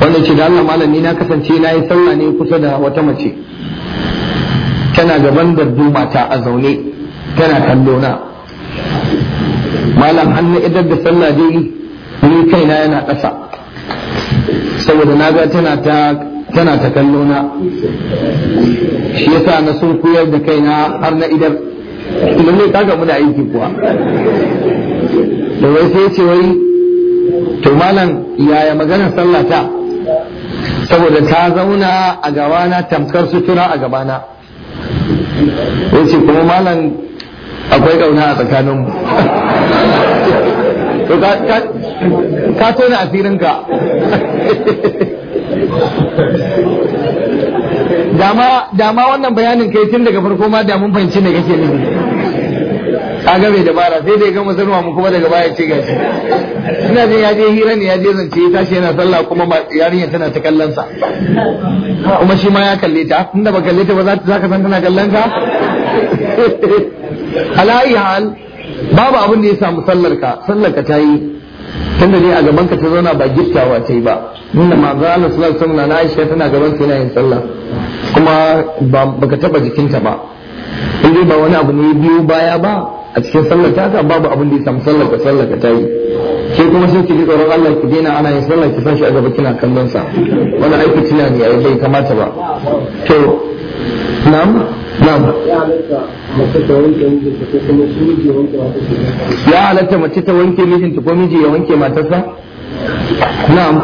wanda ce da Allah malami na kasance na yi sallah ne kusa da wata mace tana gaban darduma ta a zaune tana kallo na malam hannu idan da sallah dai ni kaina yana ƙasa saboda na ga tana ta tana ta kallo shi yasa na sun koyar da kaina har na idar idan ne kaga muna aiki kuwa da wai sai ce wai to malam yaya maganar sallah ta saboda ta zauna a gabana tamkar sutura a gabana yace ce kuma malam akwai ƙauna a tsakaninmu ka tona asirinka dama wannan bayanin kai tun daga farko ma da mun fahimci ne kake nufi kaga bai dabara sai dai ya gama sanwa mu kuma daga baya ce gashi ina jin ya je hira ne ya je zance ya tashi yana sallah kuma yarinyar tana ta kallon sa kuma shi ma ya kalle ta inda ba kalle ta ba za ka san tana kallon ka ala'i hal babu abin da ya samu sallar ka sallar ka ta yi tunda ne a gaban ka ta zauna ba gittawa ta yi ba inda manzo Allah sallallahu alaihi wasallam na Aisha tana gaban ta yana yin sallah kuma ba ka taba jikinta ba indai ba wani abu ne biyu baya ba a cikin sallar ta haka babu abin da ya samu sallar ka sallar ka tayi ke kuma sai ki tsoron Allah ki daina ana yin sallar ki san shi a gaba kina kallon sa wani aiki tuna ne ai bai kamata ba to nam nam ya halatta mace ta wanke mijinta ko miji ya wanke matarsa na'am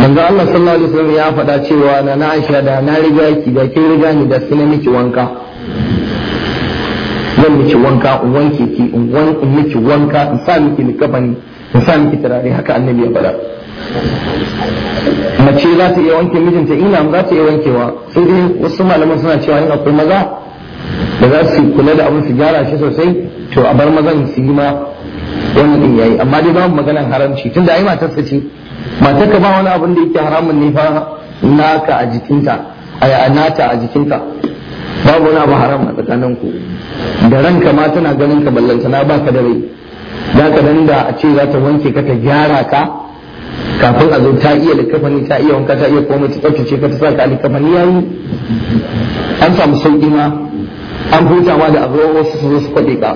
manzo Allah sallallahu alaihi wasallam ya faɗa cewa na na Aisha da na riga ki da kin riga ni da sunan miki wanka zan miki wanka in wanke ki in in miki wanka in sa miki likafani in sa miki turare haka annabi ya faɗa mace za ta iya wanke mijinta ina za ta iya wankewa sai dai wasu malaman suna cewa in akwai maza da za su kula da abin su gyara shi sosai to a bar mazan su yi ma wani din yayi amma dai babu maganar haramci tunda ai matar ce matar ka ba wani abin da yake haramun ne fa naka a jikinta a nata a jikinta babu wani abu haram a tsakanin ku da ranka ma tana ganin ka ballanta na baka da rai za ka dan da a ce za ta wanke ka ta gyara ka kafin a zo ta iya likafani ta iya wanka ta iya komai ta tsaftace ka ta sa ka likafani yayi an samu sauki ma an huta ma da abuwa wasu su zo su kwade ka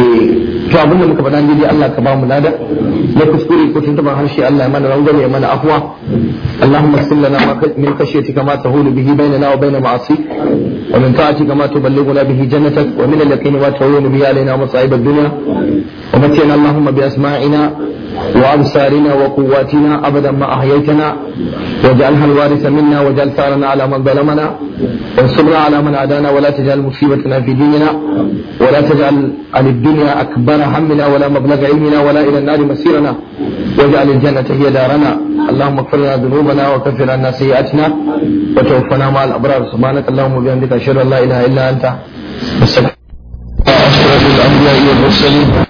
eh to abin da muka faɗa ne Allah ka ba mu lada na kuskure ko tun taban harshe Allah ya mana rangwame ya mana afwa Allahumma salli lana min khashyatika ma tahulu bihi bainana wa bain ma'asi wa min ta'atika ma tuballighuna bihi jannatak wa min al-yaqini ma tahulu bihi alaina masa'ib ad-dunya wa matina Allahumma bi asma'ina وأبصارنا وقواتنا أبدا ما أحييتنا واجعلها الوارث منا واجعل ثارنا على من ظلمنا وانصرنا على من عدانا ولا تجعل مصيبتنا في ديننا ولا تجعل عن الدنيا أكبر همنا ولا مبلغ علمنا ولا إلى النار مسيرنا واجعل الجنة هي دارنا اللهم اغفر لنا ذنوبنا وكفر عنا سيئاتنا وتوفنا مع الأبرار سبحانك اللهم وبحمدك أشهد أن لا إله إلا أنت إله الأنبياء والمرسلين